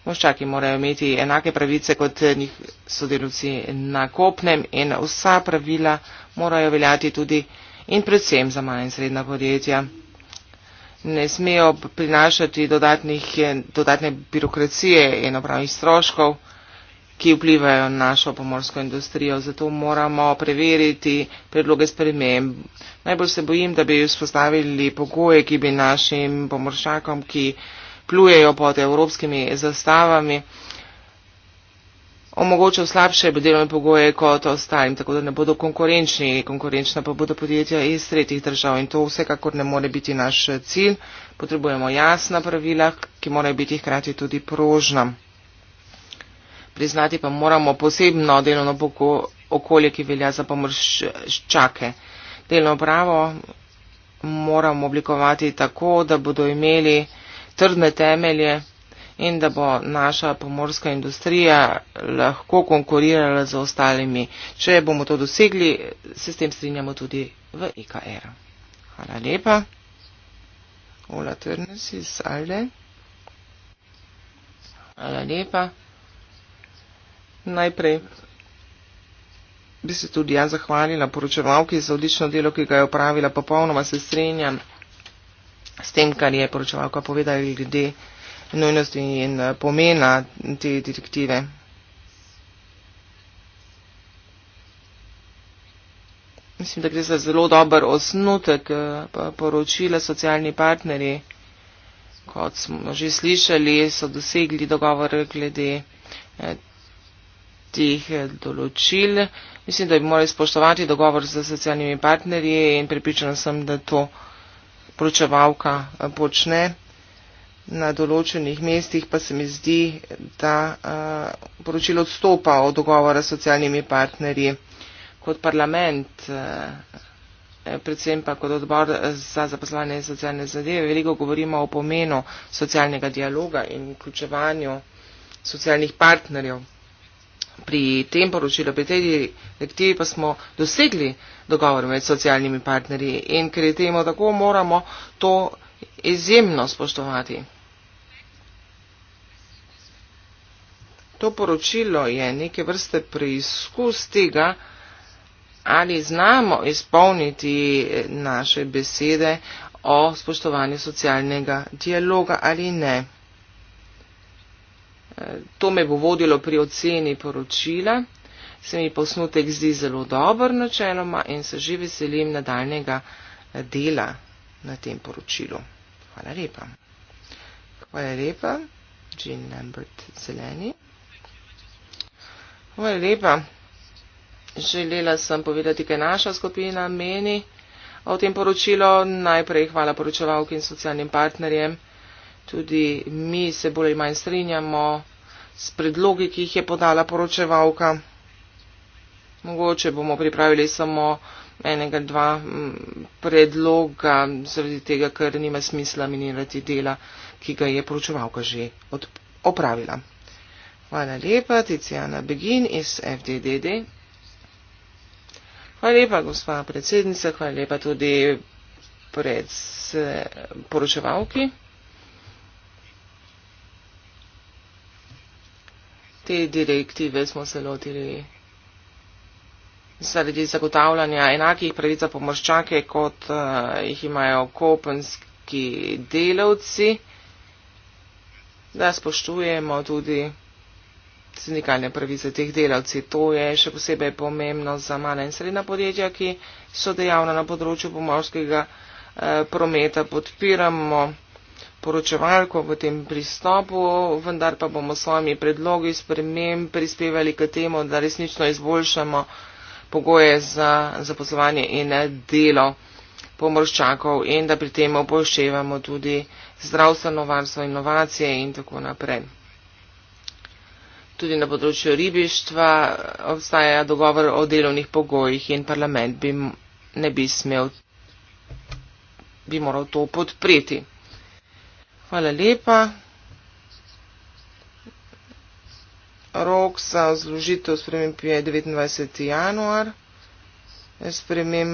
Moščaki morajo imeti enake pravice kot njih sodelovci na kopnem in vsa pravila morajo veljati tudi in predvsem za manj in srednja podjetja ne smejo prinašati dodatnih, dodatne birokracije in opravnih stroškov, ki vplivajo na našo pomorsko industrijo. Zato moramo preveriti predloge sprememb. Najbolj se bojim, da bi vzpostavili pogoje, ki bi našim pomoršakom, ki plujejo pod evropskimi zastavami, omogočal slabše delovne pogoje kot ostalim, tako da ne bodo konkurenčni, konkurenčna pa bodo podjetja iz tretjih držav in to vsekakor ne more biti naš cilj. Potrebujemo jasna pravila, ki morajo biti hkrati tudi prožna. Priznati pa moramo posebno delovno okolje, ki velja za pomorščake. Delno pravo moramo oblikovati tako, da bodo imeli trdne temelje, in da bo naša pomorska industrija lahko konkurirala z ostalimi. Če bomo to dosegli, se s tem strinjamo tudi v IKR. E Hvala lepa. Ola Trnes iz Alde. Hvala lepa. Najprej bi se tudi jaz zahvalila poročevalki za odlično delo, ki ga je opravila. Popolnoma se strinjam s tem, kar je poročevalka povedala glede nujnosti in eh, pomena te direktive. Mislim, da gre za zelo dober osnutek eh, poročila socialni partnerji. Kot smo že slišali, so dosegli dogovor glede eh, teh določil. Mislim, da bi morali spoštovati dogovor z socialnimi partnerji in pripričana sem, da to poročevalka počne na določenih mestih pa se mi zdi, da poročilo odstopa od dogovora s socialnimi partnerji kot parlament, e, predvsem pa kot odbor za zaposlovanje in socialne zadeve. Veliko govorimo o pomenu socialnega dialoga in vključevanju socialnih partnerjev. Pri tem poročilu, pri tej direktivi pa smo dosegli dogovor med socialnimi partnerji in ker je temu tako, moramo to izjemno spoštovati. To poročilo je neke vrste preizkus tega, ali znamo izpolniti naše besede o spoštovanju socialnega dialoga ali ne. To me bo vodilo pri oceni poročila, se mi posnutek zdi zelo dober načeloma in se že veselim nadaljnega dela na tem poročilu. Hvala lepa. Hvala lepa, Jean Lambert Zeleni. Hvala lepa. Želela sem povedati, kaj naša skupina meni o tem poročilu. Najprej hvala poročevalki in socialnim partnerjem. Tudi mi se bolj ali manj strinjamo s predlogi, ki jih je podala poročevalka. Mogoče bomo pripravili samo enega, dva mm, predloga, zaradi tega, ker nima smisla minirati dela, ki ga je poročevalka že opravila. Od... Hvala lepa, Ticijana Begin iz FDDD. Hvala lepa, gospa predsednica, hvala lepa tudi pred poročevalki. Te direktive smo se lotili zaradi zagotavljanja enakih pravic za pomorščake, kot uh, jih imajo kopenski delavci, da spoštujemo tudi sindikalne pravice teh delavci. To je še posebej pomembno za mala in srednja podjetja, ki so dejavna na področju pomorskega eh, prometa. Podpiramo poročevalko v tem pristopu, vendar pa bomo s svojimi predlogi spremem prispevali k temu, da resnično izboljšamo pogoje za zaposlovanje in delo pomorščakov in da pri tem upoštevamo tudi zdravstveno varstvo, inovacije in tako naprej. Tudi na področju ribištva obstaja dogovor o delovnih pogojih in parlament bi ne bi smel, bi moral to podpreti. Hvala lepa. Rok za zložitev sprememb je 29. januar. Sprejem,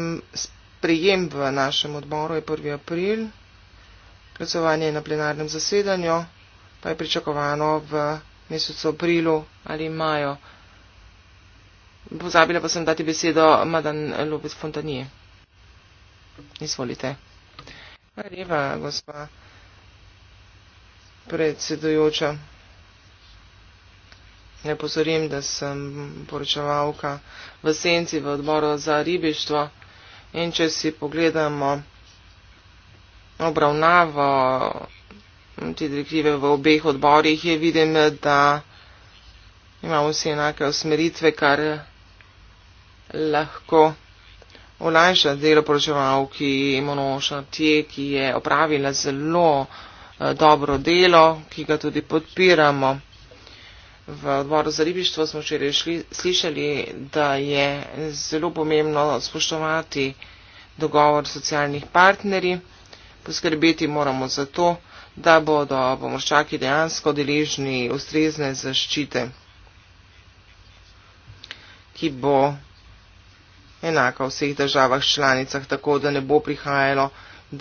sprejem v našem odboru je 1. april. Glasovanje na plenarnem zasedanju pa je pričakovano v mesecu aprilu ali maju. Pozabila pa sem dati besedo Madan Lopez Fontanije. Izvolite. Hvala lepa, gospa predsedujoča. Ne pozorim, da sem poročevalka v senci v odboru za ribištvo in če si pogledamo obravnavo te direktive v obeh odborih, je vidim, da imamo vsi enake usmeritve, kar lahko olajša delo poročevalki Monoša Tje, ki je opravila zelo eh, dobro delo, ki ga tudi podpiramo. V odboru za ribištvo smo še rešli, slišali, da je zelo pomembno spoštovati dogovor socialnih partnerji, poskrbeti moramo za to, da bodo pomorščaki dejansko deležni ustrezne zaščite, ki bo enaka v vseh državah članicah, tako da ne bo prihajalo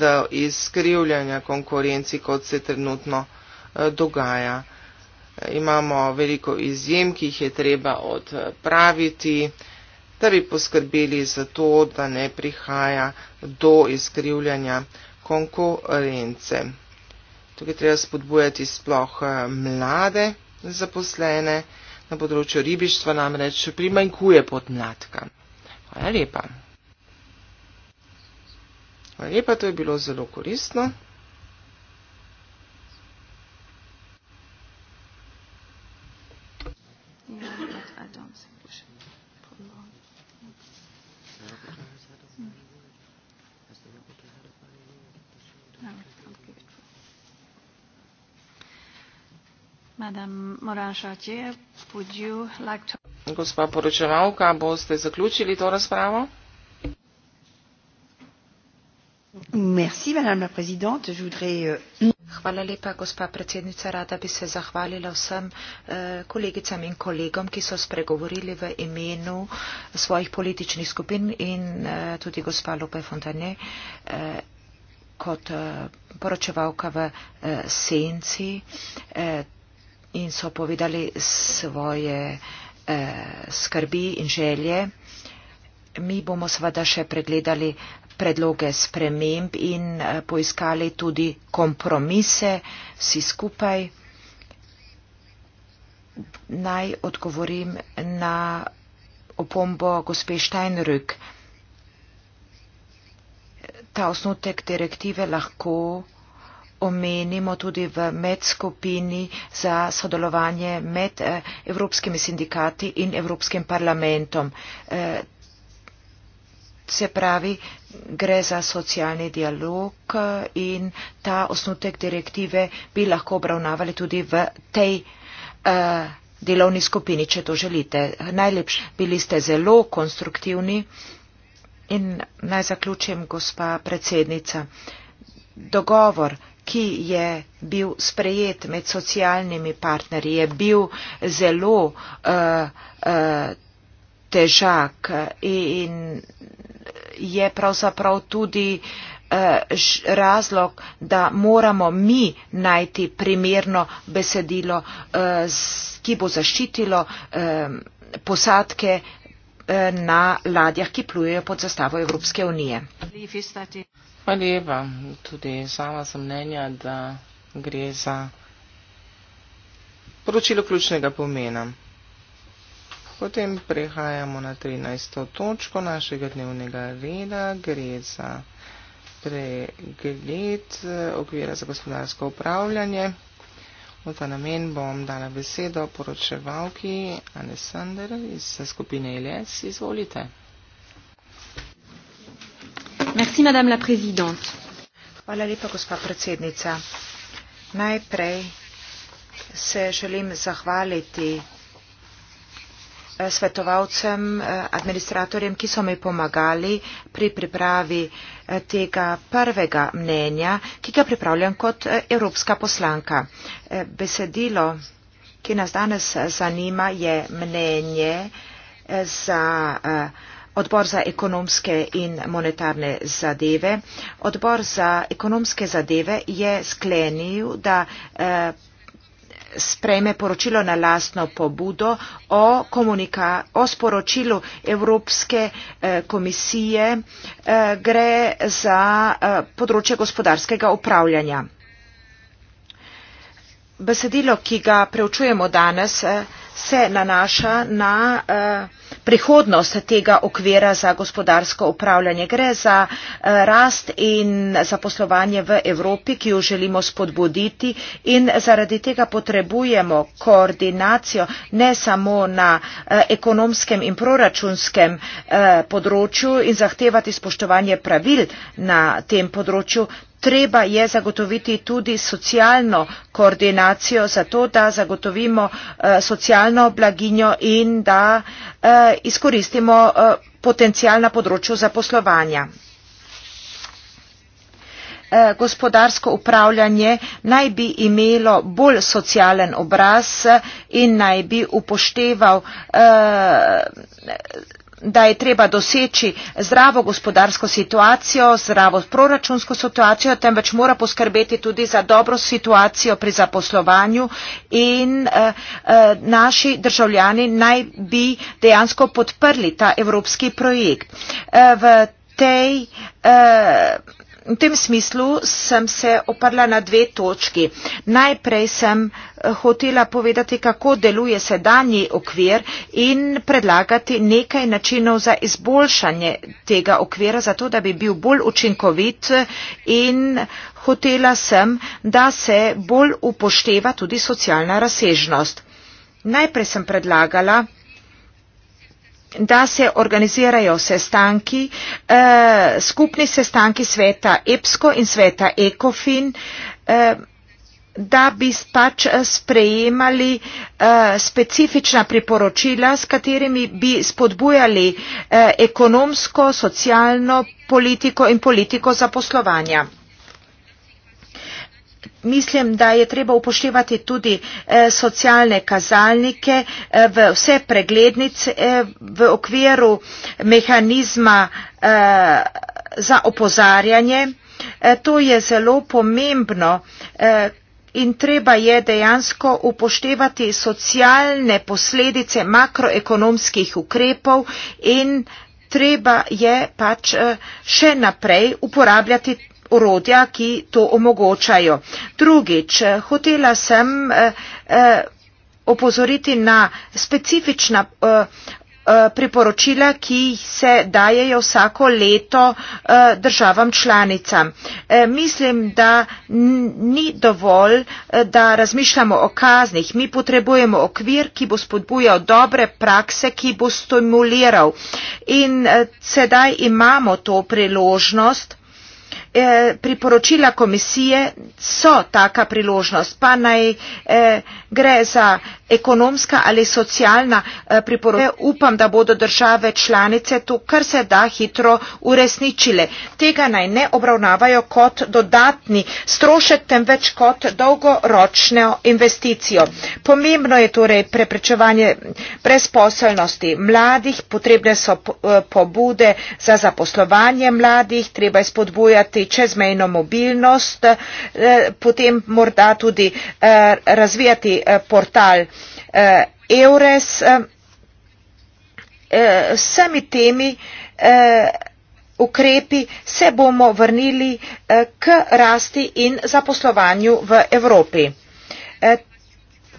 do izkrivljanja konkurenci, kot se trenutno eh, dogaja. Eh, imamo veliko izjem, ki jih je treba odpraviti, da bi poskrbeli za to, da ne prihaja do izkrivljanja konkurence. Tukaj treba spodbujati sploh eh, mlade zaposlene na področju ribištva, namreč primanjkuje podmladka. Hvala lepa. Hvala lepa, to je bilo zelo koristno. Gospa poročevalka, boste zaključili to razpravo? Euh, Hvala lepa, gospa predsednica. Rada bi se zahvalila vsem eh, kolegicam in kolegom, ki so spregovorili v imenu svojih političnih skupin in eh, tudi gospa Lope Fontane eh, kot poročevalka v senci in so povedali svoje eh, skrbi in želje. Mi bomo seveda še pregledali predloge sprememb in eh, poiskali tudi kompromise vsi skupaj. Naj odgovorim na opombo gospe Steinrück. Ta osnutek direktive lahko omenimo tudi v medskupini za sodelovanje med eh, evropskimi sindikati in evropskim parlamentom. Eh, se pravi, gre za socialni dialog eh, in ta osnutek direktive bi lahko obravnavali tudi v tej delovni skupini, če to želite. Najlepši bili ste zelo konstruktivni in naj zaključim, gospa predsednica. Dogovor ki je bil sprejet med socialnimi partnerji, je bil zelo uh, uh, težak in je pravzaprav tudi uh, razlog, da moramo mi najti primerno besedilo, uh, ki bo zaščitilo uh, posadke na ladjah, ki plujejo pod zastavo Evropske unije. Hvala lepa. Tudi sama sem mnenja, da gre za poročilo ključnega pomena. Potem prehajamo na 13. točko našega dnevnega reda. Gre za pregled eh, okvira za gospodarsko upravljanje. V ta namen bom dala besedo poročevalki Anne Sander iz skupine ILS. Izvolite. Merci, la Hvala lepa, gospa predsednica. Najprej se želim zahvaliti svetovalcem, eh, administratorjem, ki so mi pomagali pri pripravi eh, tega prvega mnenja, ki ga pripravljam kot eh, evropska poslanka. Besedilo, ki nas danes zanima, je mnenje za odbor za ekonomske in monetarne zadeve. Odbor za ekonomske zadeve je sklenil, da sprejme poročilo na lastno pobudo o, komunika, o sporočilu Evropske eh, komisije eh, gre za eh, področje gospodarskega upravljanja. Besedilo, ki ga preučujemo danes, se nanaša na uh, prihodnost tega okvira za gospodarsko upravljanje. Gre za uh, rast in zaposlovanje v Evropi, ki jo želimo spodbuditi in zaradi tega potrebujemo koordinacijo ne samo na uh, ekonomskem in proračunskem uh, področju in zahtevati spoštovanje pravil na tem področju. Treba je zagotoviti tudi socialno koordinacijo, zato da zagotovimo uh, socialno nacionalno blaginjo in da eh, izkoristimo eh, potencijal na področju zaposlovanja. Eh, gospodarsko upravljanje naj bi imelo bolj socialen obraz eh, in naj bi upošteval eh, da je treba doseči zdravo gospodarsko situacijo, zdravo proračunsko situacijo, temveč mora poskrbeti tudi za dobro situacijo pri zaposlovanju in eh, eh, naši državljani naj bi dejansko podprli ta evropski projekt. Eh, v tej eh, V tem smislu sem se oparla na dve točki. Najprej sem eh, hotela povedati, kako deluje sedanji okvir in predlagati nekaj načinov za izboljšanje tega okvira, zato da bi bil bolj učinkovit in hotela sem, da se bolj upošteva tudi socialna razsežnost. Najprej sem predlagala, da se organizirajo sestanki, eh, skupni sestanki sveta EPSCO in sveta ECOFIN, eh, da bi pač sprejemali eh, specifična priporočila, s katerimi bi spodbujali eh, ekonomsko, socialno politiko in politiko zaposlovanja mislim, da je treba upoštevati tudi eh, socialne kazalnike eh, v vse preglednice eh, v okviru mehanizma za opozarjanje. To je zelo pomembno in treba je dejansko upoštevati socialne posledice makroekonomskih ukrepov in treba je pač še naprej uporabljati urodja, ki to omogočajo. Drugič, eh, hotela sem eh, eh, opozoriti na specifična priporočila, ki se dajejo vsako leto državam članicam. Mislim, da ni dovolj, da razmišljamo o kaznih. Mi potrebujemo okvir, ki bo spodbujal dobre prakse, ki bo stimuliral. In sedaj imamo to priložnost Eh, priporočila komisije so taka priložnost, pa naj eh, gre za ekonomska ali socialna eh, priporočila. Upam, da bodo države članice tu kar se da hitro uresničile. Tega naj ne obravnavajo kot dodatni strošek, temveč kot dolgoročno investicijo. Pomembno je torej preprečevanje brezposelnosti mladih, potrebne so pobude za zaposlovanje mladih, treba je spodbujati tudi čezmejno mobilnost, eh, potem morda tudi eh, razvijati eh, portal EURES. Vsemi temi ukrepi se bomo vrnili k rasti in zaposlovanju v Evropi.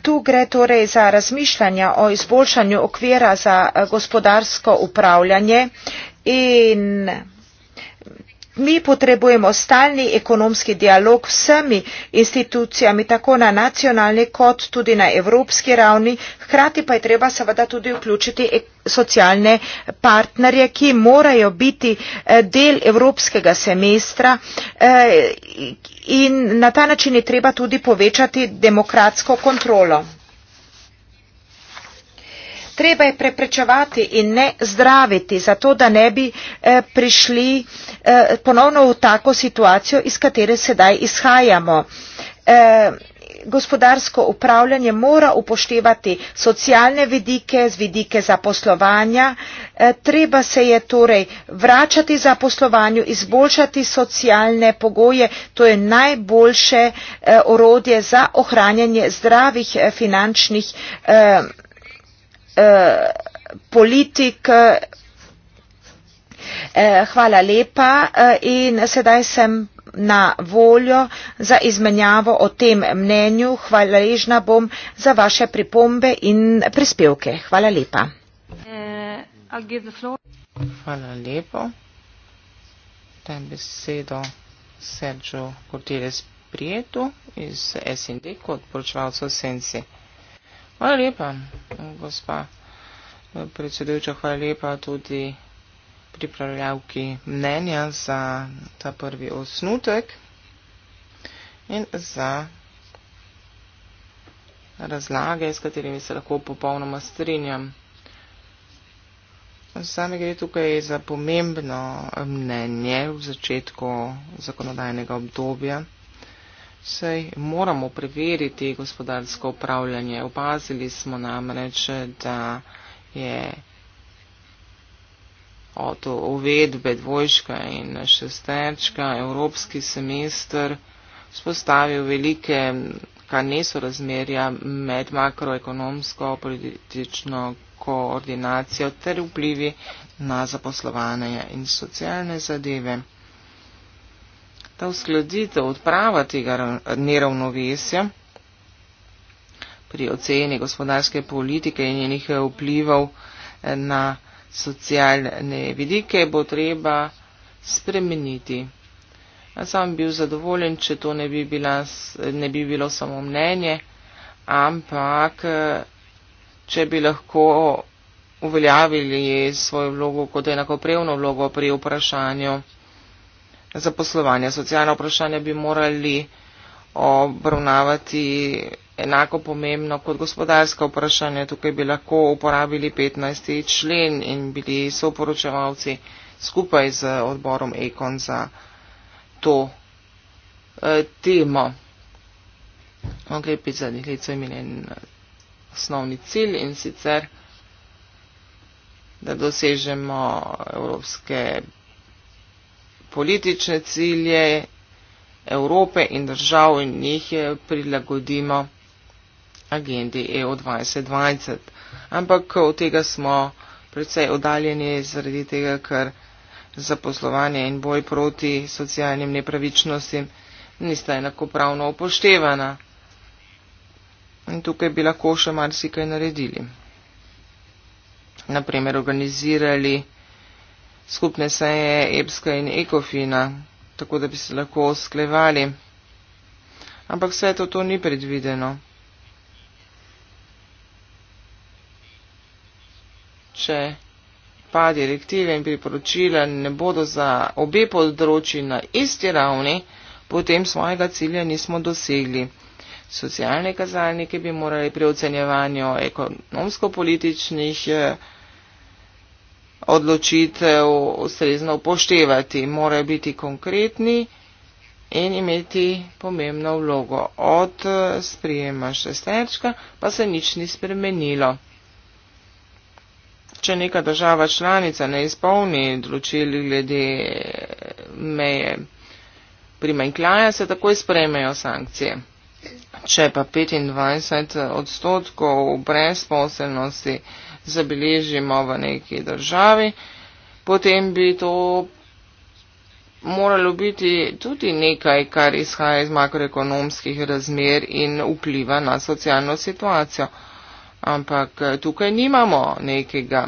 Tu gre torej za razmišljanja o izboljšanju okvira za gospodarsko upravljanje in Mi potrebujemo stalni ekonomski dialog vsemi institucijami, tako na nacionalni kot tudi na evropski ravni, hkrati pa je treba seveda tudi vključiti socialne partnerje, ki morajo biti eh, del evropskega semestra eh, in na ta način je treba tudi povečati demokratsko kontrolo treba je preprečevati in ne zdraviti, zato da ne bi eh, prišli eh, ponovno v tako situacijo, iz katere sedaj izhajamo. Eh, gospodarsko upravljanje mora upoštevati socialne vidike, z vidike zaposlovanja. E, treba se je torej vračati zaposlovanju, izboljšati socialne pogoje. To je najboljše e, orodje za ohranjanje zdravih e, finančnih e, Eh, politik. Eh, hvala lepa eh, in sedaj sem na voljo za izmenjavo o tem mnenju. Hvaležna bom za vaše pripombe in prispevke. Hvala lepa. Hvala lepo. Dajem besedo Sergio Cortiles Prieto iz SND kot poročevalcev Sensi. Hvala lepa, gospa predsedujoča, hvala lepa tudi pripravljavki mnenja za ta prvi osnutek in za razlage, s katerimi se lahko popolnoma strinjam. Zame gre tukaj za pomembno mnenje v začetku zakonodajnega obdobja. Sej moramo preveriti gospodarsko upravljanje. Opazili smo namreč, da je od uvedbe dvojčka in šesterčka evropski semester spostavil velike kar nesorazmerja med makroekonomsko politično koordinacijo ter vplivi na zaposlovanje in socialne zadeve ta uskladitev, odprava tega neravnovesja pri oceni gospodarske politike in njenih eh, vplivov eh, na socialne vidike, bo treba spremeniti. Jaz sem bil zadovoljen, če to ne bi, bila, ne bi bilo samo mnenje, ampak eh, če bi lahko uveljavili svojo vlogo kot enakopravno vlogo pri vprašanju zaposlovanja. Socialna vprašanja bi morali obravnavati enako pomembno kot gospodarska vprašanja. Tukaj bi lahko uporabili 15. člen in bili soporočevalci skupaj z odborom Ekon za to eh, temo. Ok, pet zadnjih let so imeli en eh, osnovni cilj in sicer, da dosežemo evropske politične cilje Evrope in držav in jih eh, prilagodimo agendi EU 2020. Ampak eh, od tega smo predvsej odaljeni zaradi tega, ker zaposlovanje in boj proti socialnim nepravičnostim nista enakopravno upoštevana. In tukaj bi lahko še marsikaj naredili. Naprimer, organizirali skupne seje EPSKA in ECOFINA, tako da bi se lahko sklevali. Ampak vse to, to ni predvideno. Če pa direktive in priporočila ne bodo za obe področji na isti ravni, potem svojega cilja nismo dosegli. Socialne kazalnike bi morali pri ocenjevanju ekonomsko-političnih eh, odločitev ustrezno upoštevati. Morajo biti konkretni in imeti pomembno vlogo. Od eh, sprijema šesterčka pa se nič ni spremenilo. Če neka država članica ne izpolni določili glede eh, meje primanjkljaja, se takoj sprejmejo sankcije. Če pa 25 eh, odstotkov brezposelnosti zabeležimo v neki državi, potem bi to moralo biti tudi nekaj, kar izhaja iz makroekonomskih razmer in vpliva na socialno situacijo. Ampak eh, tukaj nimamo nekega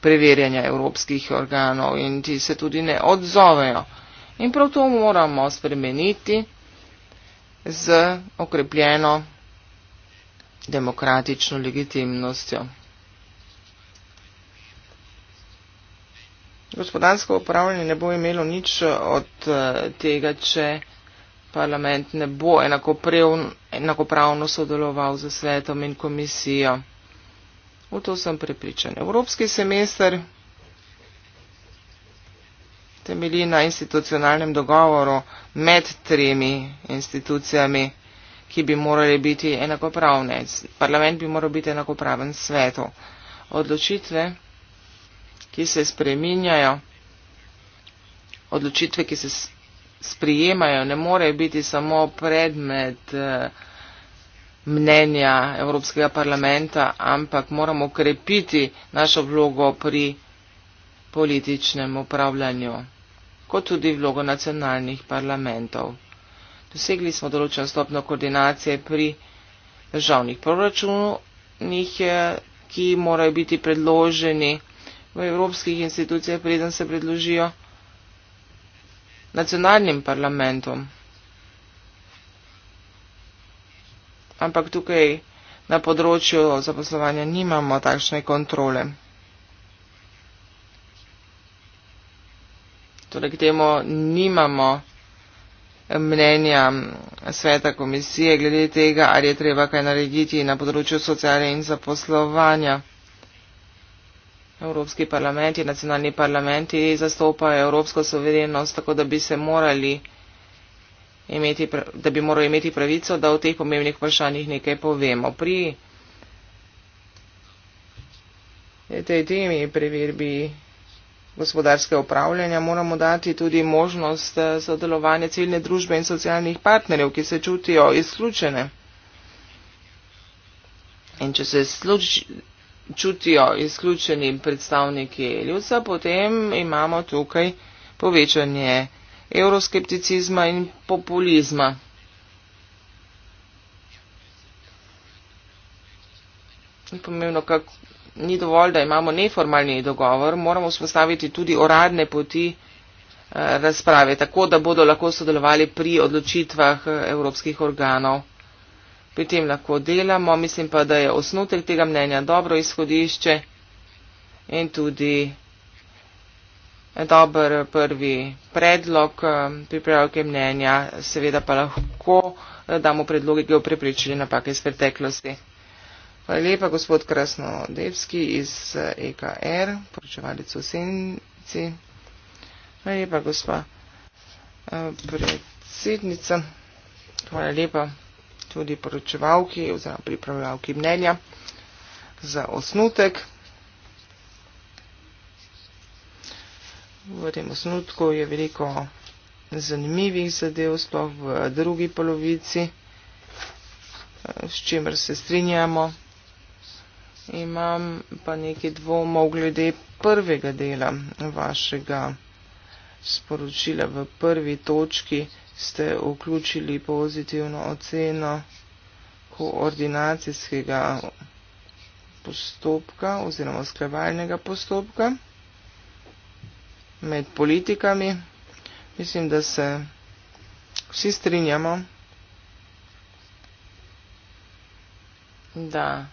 preverjanja evropskih organov in ti se tudi ne odzovejo. In prav to moramo spremeniti z okrepljeno demokratično legitimnostjo. Gospodarsko upravljanje ne bo imelo nič od eh, tega, če parlament ne bo enakopravno sodeloval z svetom in komisijo. V to sem prepričan. Evropski semester temelji na institucionalnem dogovoru med tremi institucijami, ki bi morali biti enakopravne. Parlament bi moral biti enakopraven svetu. Odločitve ki se spreminjajo, odločitve, ki se sprijemajo, ne morejo biti samo predmet eh, mnenja Evropskega parlamenta, ampak moramo krepiti našo vlogo pri političnem upravljanju, kot tudi vlogo nacionalnih parlamentov. Dosegli smo določen stopno koordinacije pri državnih proračunih, eh, ki morajo biti predloženi v evropskih institucijah, preden se predložijo nacionalnim parlamentom. Ampak tukaj na področju zaposlovanja nimamo takšne kontrole. Torej, k temu nimamo mnenja sveta komisije glede tega, ali je treba kaj narediti na področju socialne in zaposlovanja. Evropski parlamenti, nacionalni parlamenti zastopajo evropsko suverenost, tako da bi se morali imeti, da bi morali imeti pravico, da o teh pomembnih vprašanjih nekaj povemo. Pri tej temi preverbi gospodarske upravljanja moramo dati tudi možnost eh, sodelovanja ciljne družbe in socialnih partnerjev, ki se čutijo izključene. In če se sluči, čutijo izključeni predstavniki ljudstva, potem imamo tukaj povečanje euroskepticizma in populizma. Pomembno, kako ni dovolj, da imamo neformalni dogovor, moramo vzpostaviti tudi oradne poti eh, razprave, tako da bodo lahko sodelovali pri odločitvah eh, evropskih organov pri tem lahko delamo. Mislim pa, da je osnutek tega mnenja dobro izhodišče in tudi dober prvi predlog eh, pripravke mnenja. Seveda pa lahko eh, damo predloge, ki jo prepričali napake iz preteklosti. Hvala lepa, gospod Krasnodevski iz EKR, eh, e poročevalec v Senci. Hvala lepa, gospa predsednica. Hvala lepa tudi poročevalki oziroma pripravljavki mnenja za osnutek. V tem osnutku je veliko zanimivih zadev, sploh v drugi polovici, s čimer se strinjamo. Imam pa nekaj dvomov glede prvega dela vašega sporočila v prvi točki, ste vključili pozitivno oceno koordinacijskega postopka oziroma sklevalnega postopka med politikami. Mislim, da se vsi strinjamo, da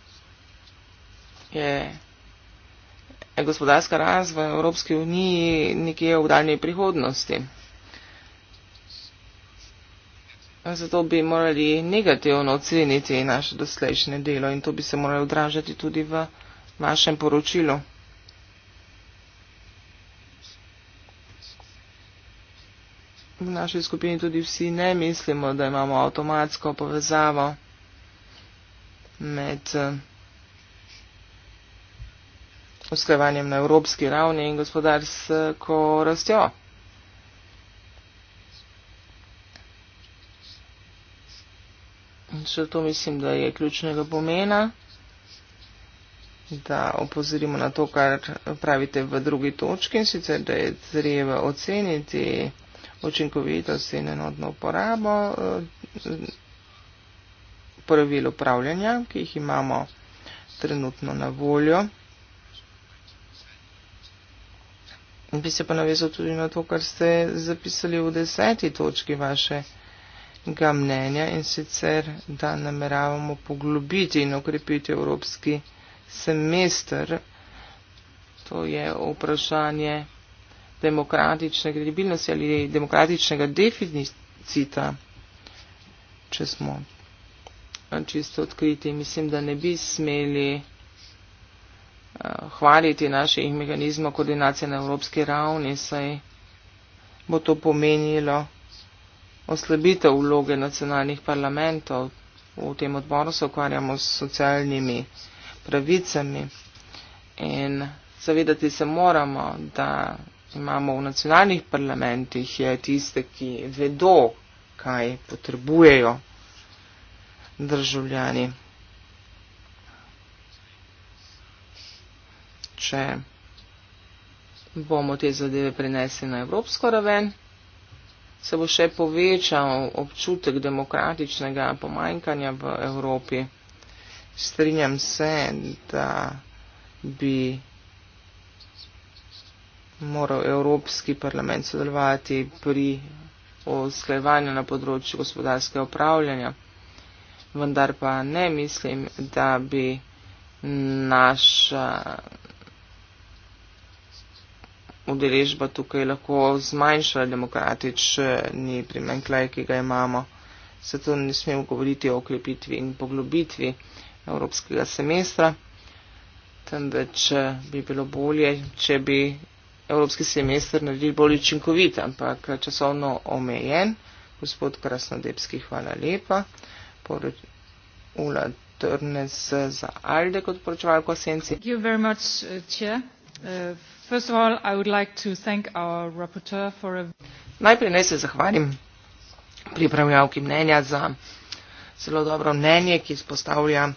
je gospodarska razvoj v Evropski uniji nekje v daljni prihodnosti. Zato bi morali negativno oceniti naše doslejšnje delo in to bi se moralo odražati tudi v vašem poročilu. V naši skupini tudi vsi ne mislimo, da imamo avtomatsko povezavo med usklevanjem na evropski ravni in gospodarsko rastjo. še to mislim, da je ključnega pomena, da opozorimo na to, kar pravite v drugi točki, in sicer, da je treba oceniti učinkovitost in enotno uporabo eh, pravil upravljanja, ki jih imamo trenutno na voljo. In bi se pa navezal tudi na to, kar ste zapisali v deseti točki vaše ga mnenja in sicer, da nameravamo poglobiti in okrepiti evropski semester. To je vprašanje demokratične kredibilnosti ali demokratičnega deficita, če smo čisto odkriti. Mislim, da ne bi smeli eh, hvaliti naših mehanizmov koordinacije na evropski ravni, saj bo to pomenilo oslabitev vloge nacionalnih parlamentov. V tem odboru se ukvarjamo s socialnimi pravicami in zavedati se moramo, da imamo v nacionalnih parlamentih je tiste, ki vedo, kaj potrebujejo državljani. Če bomo te zadeve prenesli na evropsko raven, se bo še povečal občutek demokratičnega pomanjkanja v Evropi. Strinjam se, da bi moral Evropski parlament sodelovati pri osklevanju na področju gospodarskega upravljanja, vendar pa ne mislim, da bi naša udeležba tukaj lahko zmanjša demokratični primenklaj, ki ga imamo. Zato ne smemo govoriti o okrepitvi in poglobitvi evropskega semestra, temveč eh, bi bilo bolje, če bi evropski semester naredil bolj učinkovit, ampak eh, časovno omejen. Gospod Krasnodebski, hvala lepa. Poroč Ula Trnes eh, za Alde kot poročevalko Senci. Thank you very much, uh, Chair. Uh, Najprej naj se zahvalim pripravljavki mnenja za zelo dobro mnenje, ki izpostavlja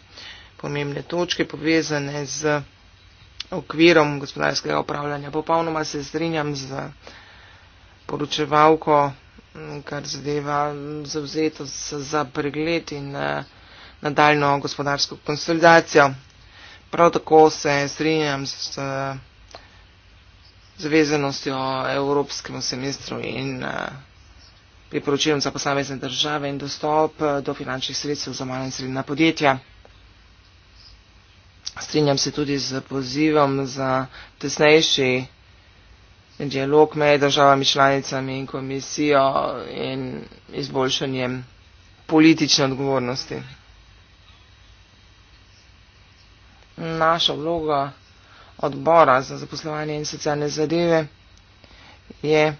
pomembne točke povezane z okvirom gospodarskega upravljanja. Popolnoma se strinjam z poročevalko, kar zadeva zauzetost za pregled in eh, nadaljno gospodarsko konsolidacijo. Prav tako se strinjam s zvezanostjo evropskemu semestru in eh, priporočilom za posamezne države in dostop eh, do finančnih sredstev za manj in srednja podjetja. Strinjam se tudi z pozivom za tesnejši dialog med državami članicami in komisijo in izboljšanjem politične odgovornosti. Naša vloga odbora za zaposlovanje in socialne zadeve je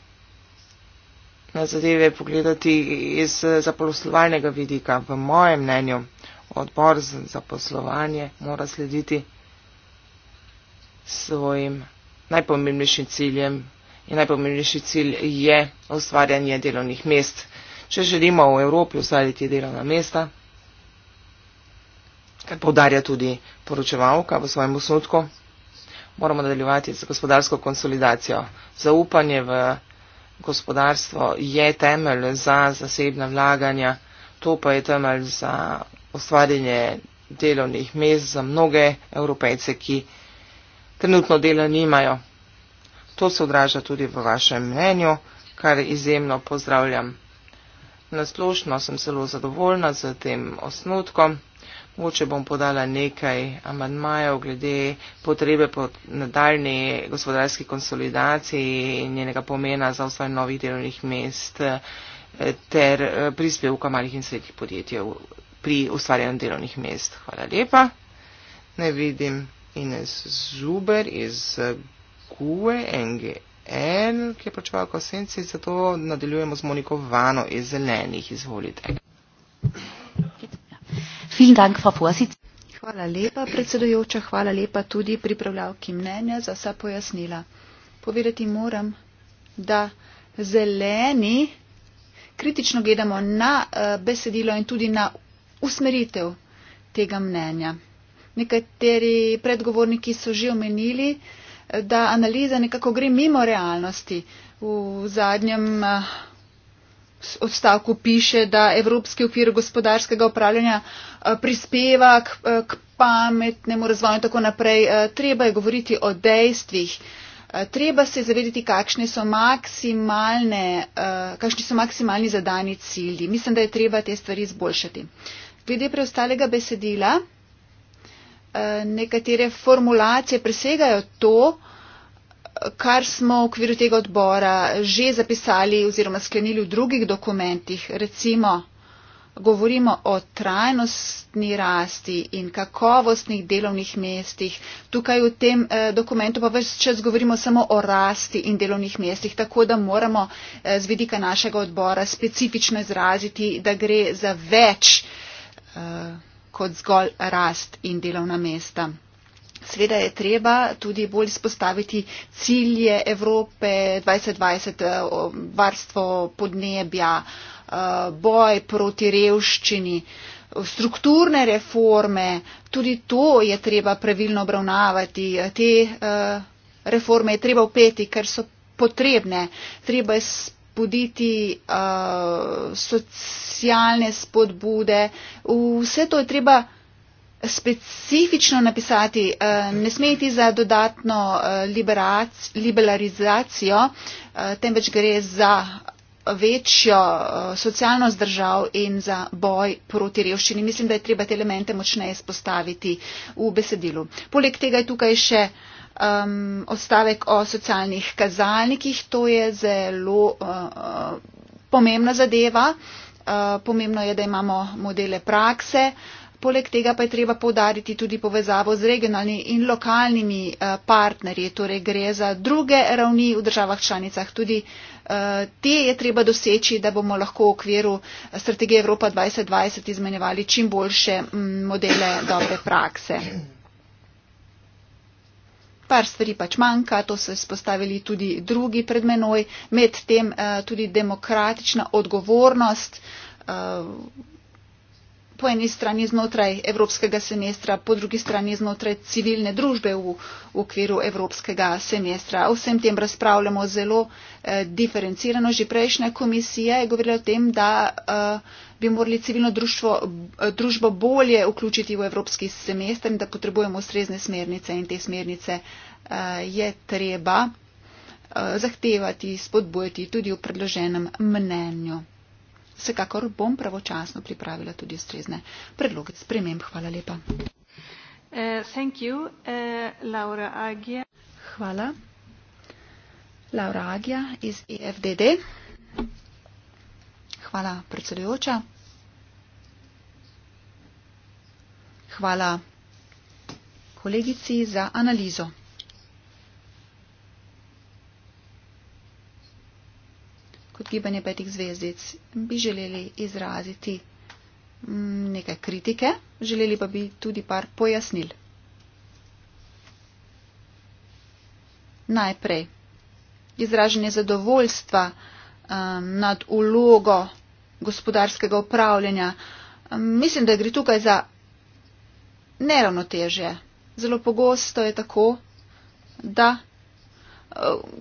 na zadeve pogledati iz zaposlovalnega vidika. V mojem mnenju odbor za zaposlovanje mora slediti svojim najpomembnejšim ciljem in najpomembnejši cilj je ustvarjanje delovnih mest. Če želimo v Evropi ustvariti delovna mesta, kar poudarja tudi poročevalka v svojem osnutku, moramo nadaljevati z gospodarsko konsolidacijo. Zaupanje v gospodarstvo je temelj za zasebna vlaganja, to pa je temelj za ustvarjanje delovnih mest za mnoge evropejce, ki trenutno dela nimajo. To se odraža tudi v vašem mnenju, kar izjemno pozdravljam. Nasplošno sem zelo zadovoljna z tem osnutkom. Mogoče bom podala nekaj amadmajev glede potrebe po nadaljni gospodarski konsolidaciji in njenega pomena za ustvarjanje novih delovnih mest eh, ter eh, prispevka malih in srednjih podjetij pri ustvarjanju delovnih mest. Hvala lepa. Ne vidim Ines Zuber iz eh, GUE NGN, ki je pročeval kosenci, zato nadaljujemo z Moniko Vano iz Zelenih. Izvolite. Vielen Dank, Frau Vorsitzende. Hvala lepa, predsedujoča, hvala lepa tudi pripravljavki mnenja za vsa pojasnila. Povedati moram, da zeleni kritično gledamo na eh, besedilo in tudi na usmeritev tega mnenja. Nekateri predgovorniki so že omenili, eh, da analiza nekako gre mimo realnosti. V zadnjem eh, odstavku piše, da Evropski okvir gospodarskega upravljanja eh, prispeva k, eh, k pametnemu razvoju in tako naprej. Eh, treba je govoriti o dejstvih. Treba se zavedati, kakšne so maksimalne, kakšni so maksimalni zadani cilji. Mislim, da je treba te stvari izboljšati. Glede preostalega besedila, nekatere formulacije presegajo to, kar smo v okviru tega odbora že zapisali oziroma sklenili v drugih dokumentih, recimo govorimo o trajnostni rasti in kakovostnih delovnih mestih. Tukaj v tem eh, dokumentu pa več čas govorimo samo o rasti in delovnih mestih, tako da moramo eh, z vidika našega odbora specifično izraziti, da gre za več eh, kot zgolj rast in delovna mesta. Sveda je treba tudi bolj spostaviti cilje Evrope 2020, eh, varstvo podnebja, eh, boj proti revščini, strukturne reforme, tudi to je treba pravilno obravnavati. Te eh, reforme je treba upeti, ker so potrebne. Treba je spoditi socialne spodbude. Vse to je treba specifično napisati, eh, ne sme iti za dodatno eh, liberac, liberalizacijo, eh, temveč gre za večjo socialno zdržav in za boj proti revščini. Mislim, da je treba te elemente močneje spostaviti v besedilu. Poleg tega je tukaj še um, odstavek o socialnih kazalnikih. To je zelo uh, pomembna zadeva. Uh, pomembno je, da imamo modele prakse. Uh, Poleg tega pa je treba povdariti tudi povezavo z regionalnimi in lokalnimi eh, partnerji, torej gre za druge ravni v državah članicah. Tudi eh, te je treba doseči, da bomo lahko v okviru eh, strategije Evropa 2020 izmenjevali čim boljše mm, modele dobre prakse. Par stvari pač manjka, to so izpostavili tudi drugi pred menoj, med tem tudi demokratična odgovornost po eni strani znotraj evropskega semestra, po drugi strani znotraj civilne družbe v, v okviru evropskega semestra. O vsem tem razpravljamo zelo eh, diferencirano. Že prejšnja komisija je govorila o tem, da eh, bi morali civilno društvo, eh, družbo bolje vključiti v evropski semester in da potrebujemo ustrezne smernice in te smernice eh, je treba eh, zahtevati, spodbojati tudi v predloženem mnenju. Vsekakor bom pravočasno pripravila tudi ustrezne predloge sprememb. Hvala lepa. Eh, eh, Hvala. Laura Agija iz EFDD. Hvala, predsedujoča. Hvala kolegici za analizo. kot gibanje petih zvezdic, bi želeli izraziti mm, nekaj kritike, želeli pa bi tudi par pojasnil. Najprej, izražanje zadovoljstva um, nad ulogo gospodarskega upravljanja. Um, mislim, da gre tukaj za neravnotežje. Zelo pogosto je tako, da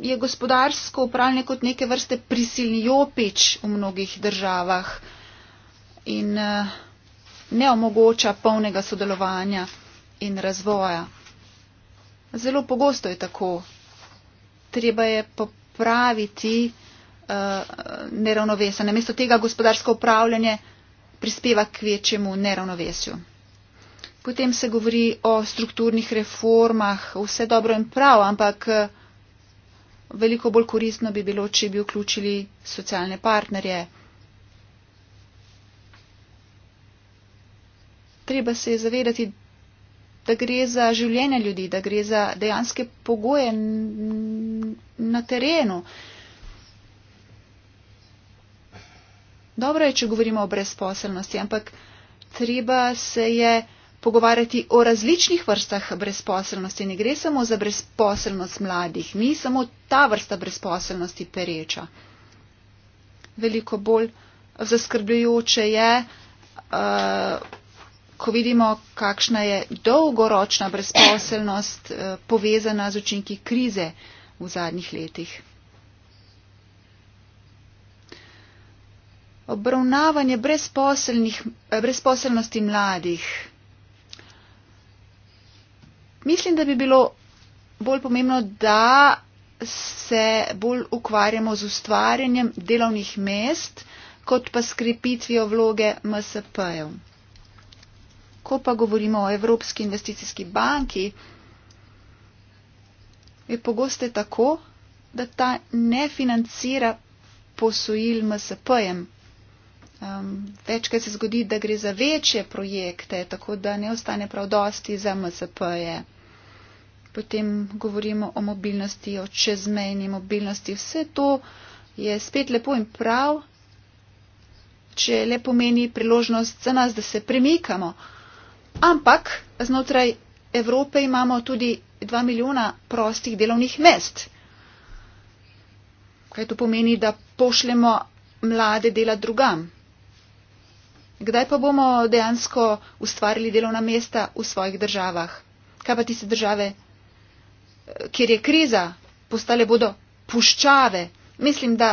je gospodarsko upravljanje kot neke vrste prisilni jopič v mnogih državah in eh, ne omogoča polnega sodelovanja in razvoja. Zelo pogosto je tako. Treba je popraviti uh, neravnovesje. Namesto tega gospodarsko upravljanje prispeva k večjemu neravnovesju. Potem se govori o strukturnih reformah, vse dobro in prav, ampak eh, veliko bolj koristno bi bilo, če bi vključili socialne partnerje. Treba se je zavedati, da gre za življenje ljudi, da gre za dejanske pogoje na terenu. Dobro je, če govorimo o brezposelnosti, ampak treba se je pogovarjati o različnih vrstah brezposelnosti. Ne gre samo za brezposelnost mladih, ni samo ta vrsta brezposelnosti pereča. Veliko bolj zaskrbljujoče je, eh, ko vidimo, kakšna je dolgoročna brezposelnost eh, povezana z učinki krize v zadnjih letih. Obravnavanje brezposelnosti mladih. Mislim, da bi bilo bolj pomembno, da se bolj ukvarjamo z ustvarjanjem delovnih mest, kot pa s krepitvijo vloge MSP-jev. Ko pa govorimo o Evropski investicijski banki, je pogoste tako, da ta ne financira posojil MSP-jem. Um, večkrat se zgodi, da gre za večje projekte, tako da ne ostane prav dosti za MSP-je potem govorimo o mobilnosti, o čezmejni mobilnosti. Vse to je spet lepo in prav, če le pomeni priložnost za nas, da se premikamo. Ampak znotraj Evrope imamo tudi dva milijona prostih delovnih mest. Kaj to pomeni, da pošljemo mlade dela drugam? Kdaj pa bomo dejansko ustvarili delovna mesta v svojih državah? Kaj pa ti se države kjer je kriza, postale bodo puščave. Mislim, da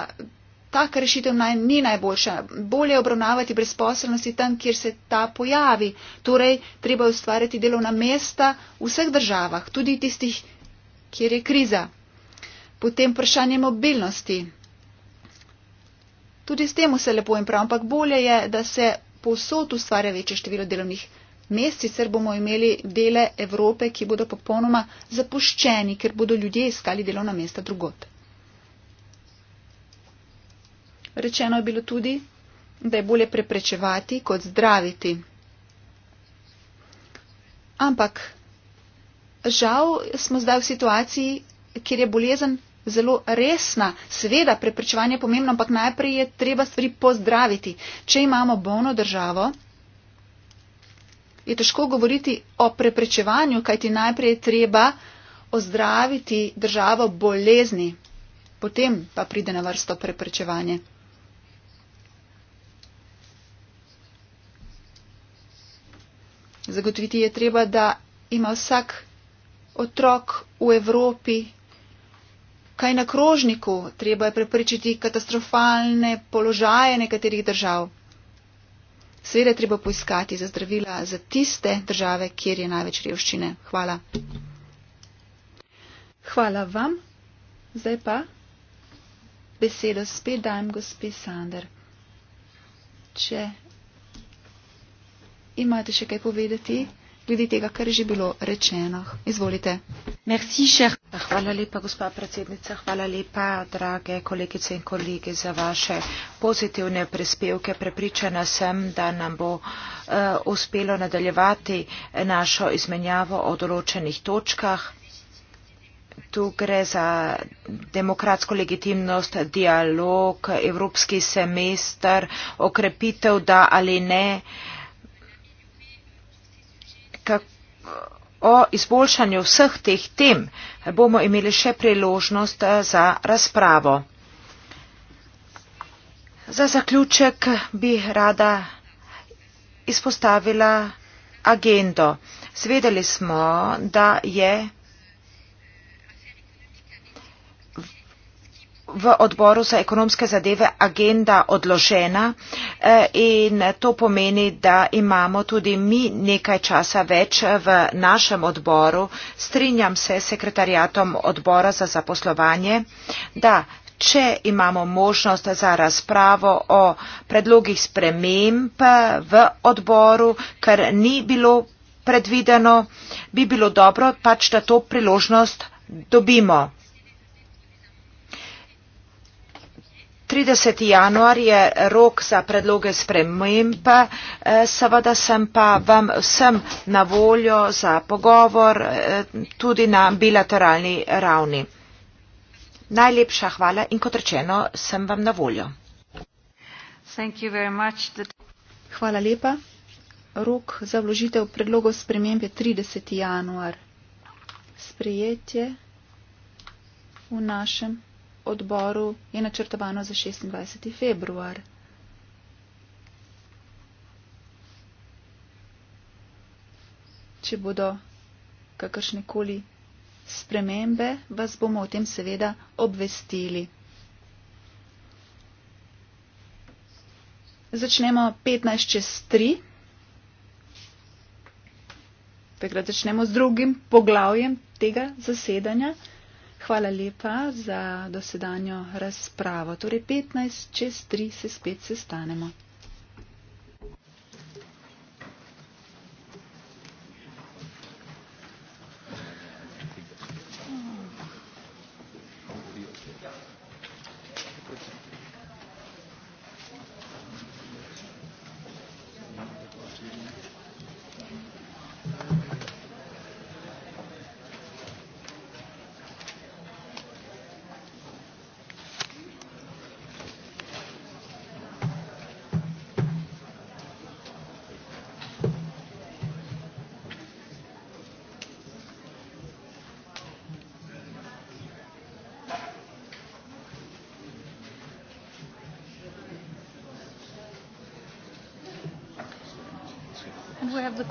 taka rešitev naj, ni najboljša. Bolje obravnavati brezposelnosti tam, kjer se ta pojavi. Torej, treba ustvarjati delovna mesta v vseh državah, tudi tistih, kjer je kriza. Potem vprašanje mobilnosti. Tudi s tem vse lepo in prav, ampak bolje je, da se posod ustvarja večje število delovnih mest mest, sicer bomo imeli dele Evrope, ki bodo popolnoma zapuščeni, ker bodo ljudje iskali delovna mesta drugot. Rečeno je bilo tudi, da je bolje preprečevati kot zdraviti. Ampak žal smo zdaj v situaciji, kjer je bolezen zelo resna. Seveda preprečevanje je pomembno, ampak najprej je treba stvari pozdraviti. Če imamo bolno državo, je težko govoriti o preprečevanju, kajti najprej je treba ozdraviti državo bolezni, potem pa pride na vrsto preprečevanje. Zagotoviti je treba, da ima vsak otrok v Evropi kaj na krožniku, treba je preprečiti katastrofalne položaje nekaterih držav. Seveda je treba poiskati za zdravila za tiste države, kjer je največ revščine. Hvala. Hvala vam. Zdaj pa besedo spet dajem gospi Sander. Če imate še kaj povedati? glede tega, kar je že bilo rečeno. Izvolite. Merci, hvala lepa, gospa predsednica. Hvala lepa, drage kolegice in kolege, za vaše pozitivne prispevke. Prepričana sem, da nam bo uh, uspelo nadaljevati našo izmenjavo o določenih točkah. Tu gre za demokratsko legitimnost, dialog, evropski semester, okrepitev da ali ne. Uh, o izboljšanju vseh teh tem bomo imeli še priložnost eh, za razpravo. Za zaključek bi rada izpostavila agendo. Svedeli smo, da je v odboru za ekonomske zadeve agenda odložena eh, in to pomeni, da imamo tudi mi nekaj časa več v našem odboru. Strinjam se s sekretarjatom odbora za zaposlovanje, da če imamo možnost za razpravo o predlogih sprememb v odboru, ker ni bilo predvideno, bi bilo dobro pač, da to priložnost dobimo. 30. januar je rok za predloge sprememb, eh, seveda sem pa vam vsem na voljo za pogovor eh, tudi na bilateralni ravni. Najlepša hvala in kot rečeno, sem vam na voljo. Hvala lepa. Rok za vložitev predlogov sprememb je 30. januar. Sprejetje v našem odboru je načrtovano za 26. februar. Če bodo kakršnekoli spremembe, vas bomo o tem seveda obvestili. Začnemo 15 čez 3. Takrat začnemo z drugim poglavjem tega zasedanja. Hvala lepa za dosedanjo razpravo. Torej 15 čez 3 se spet sestanemo.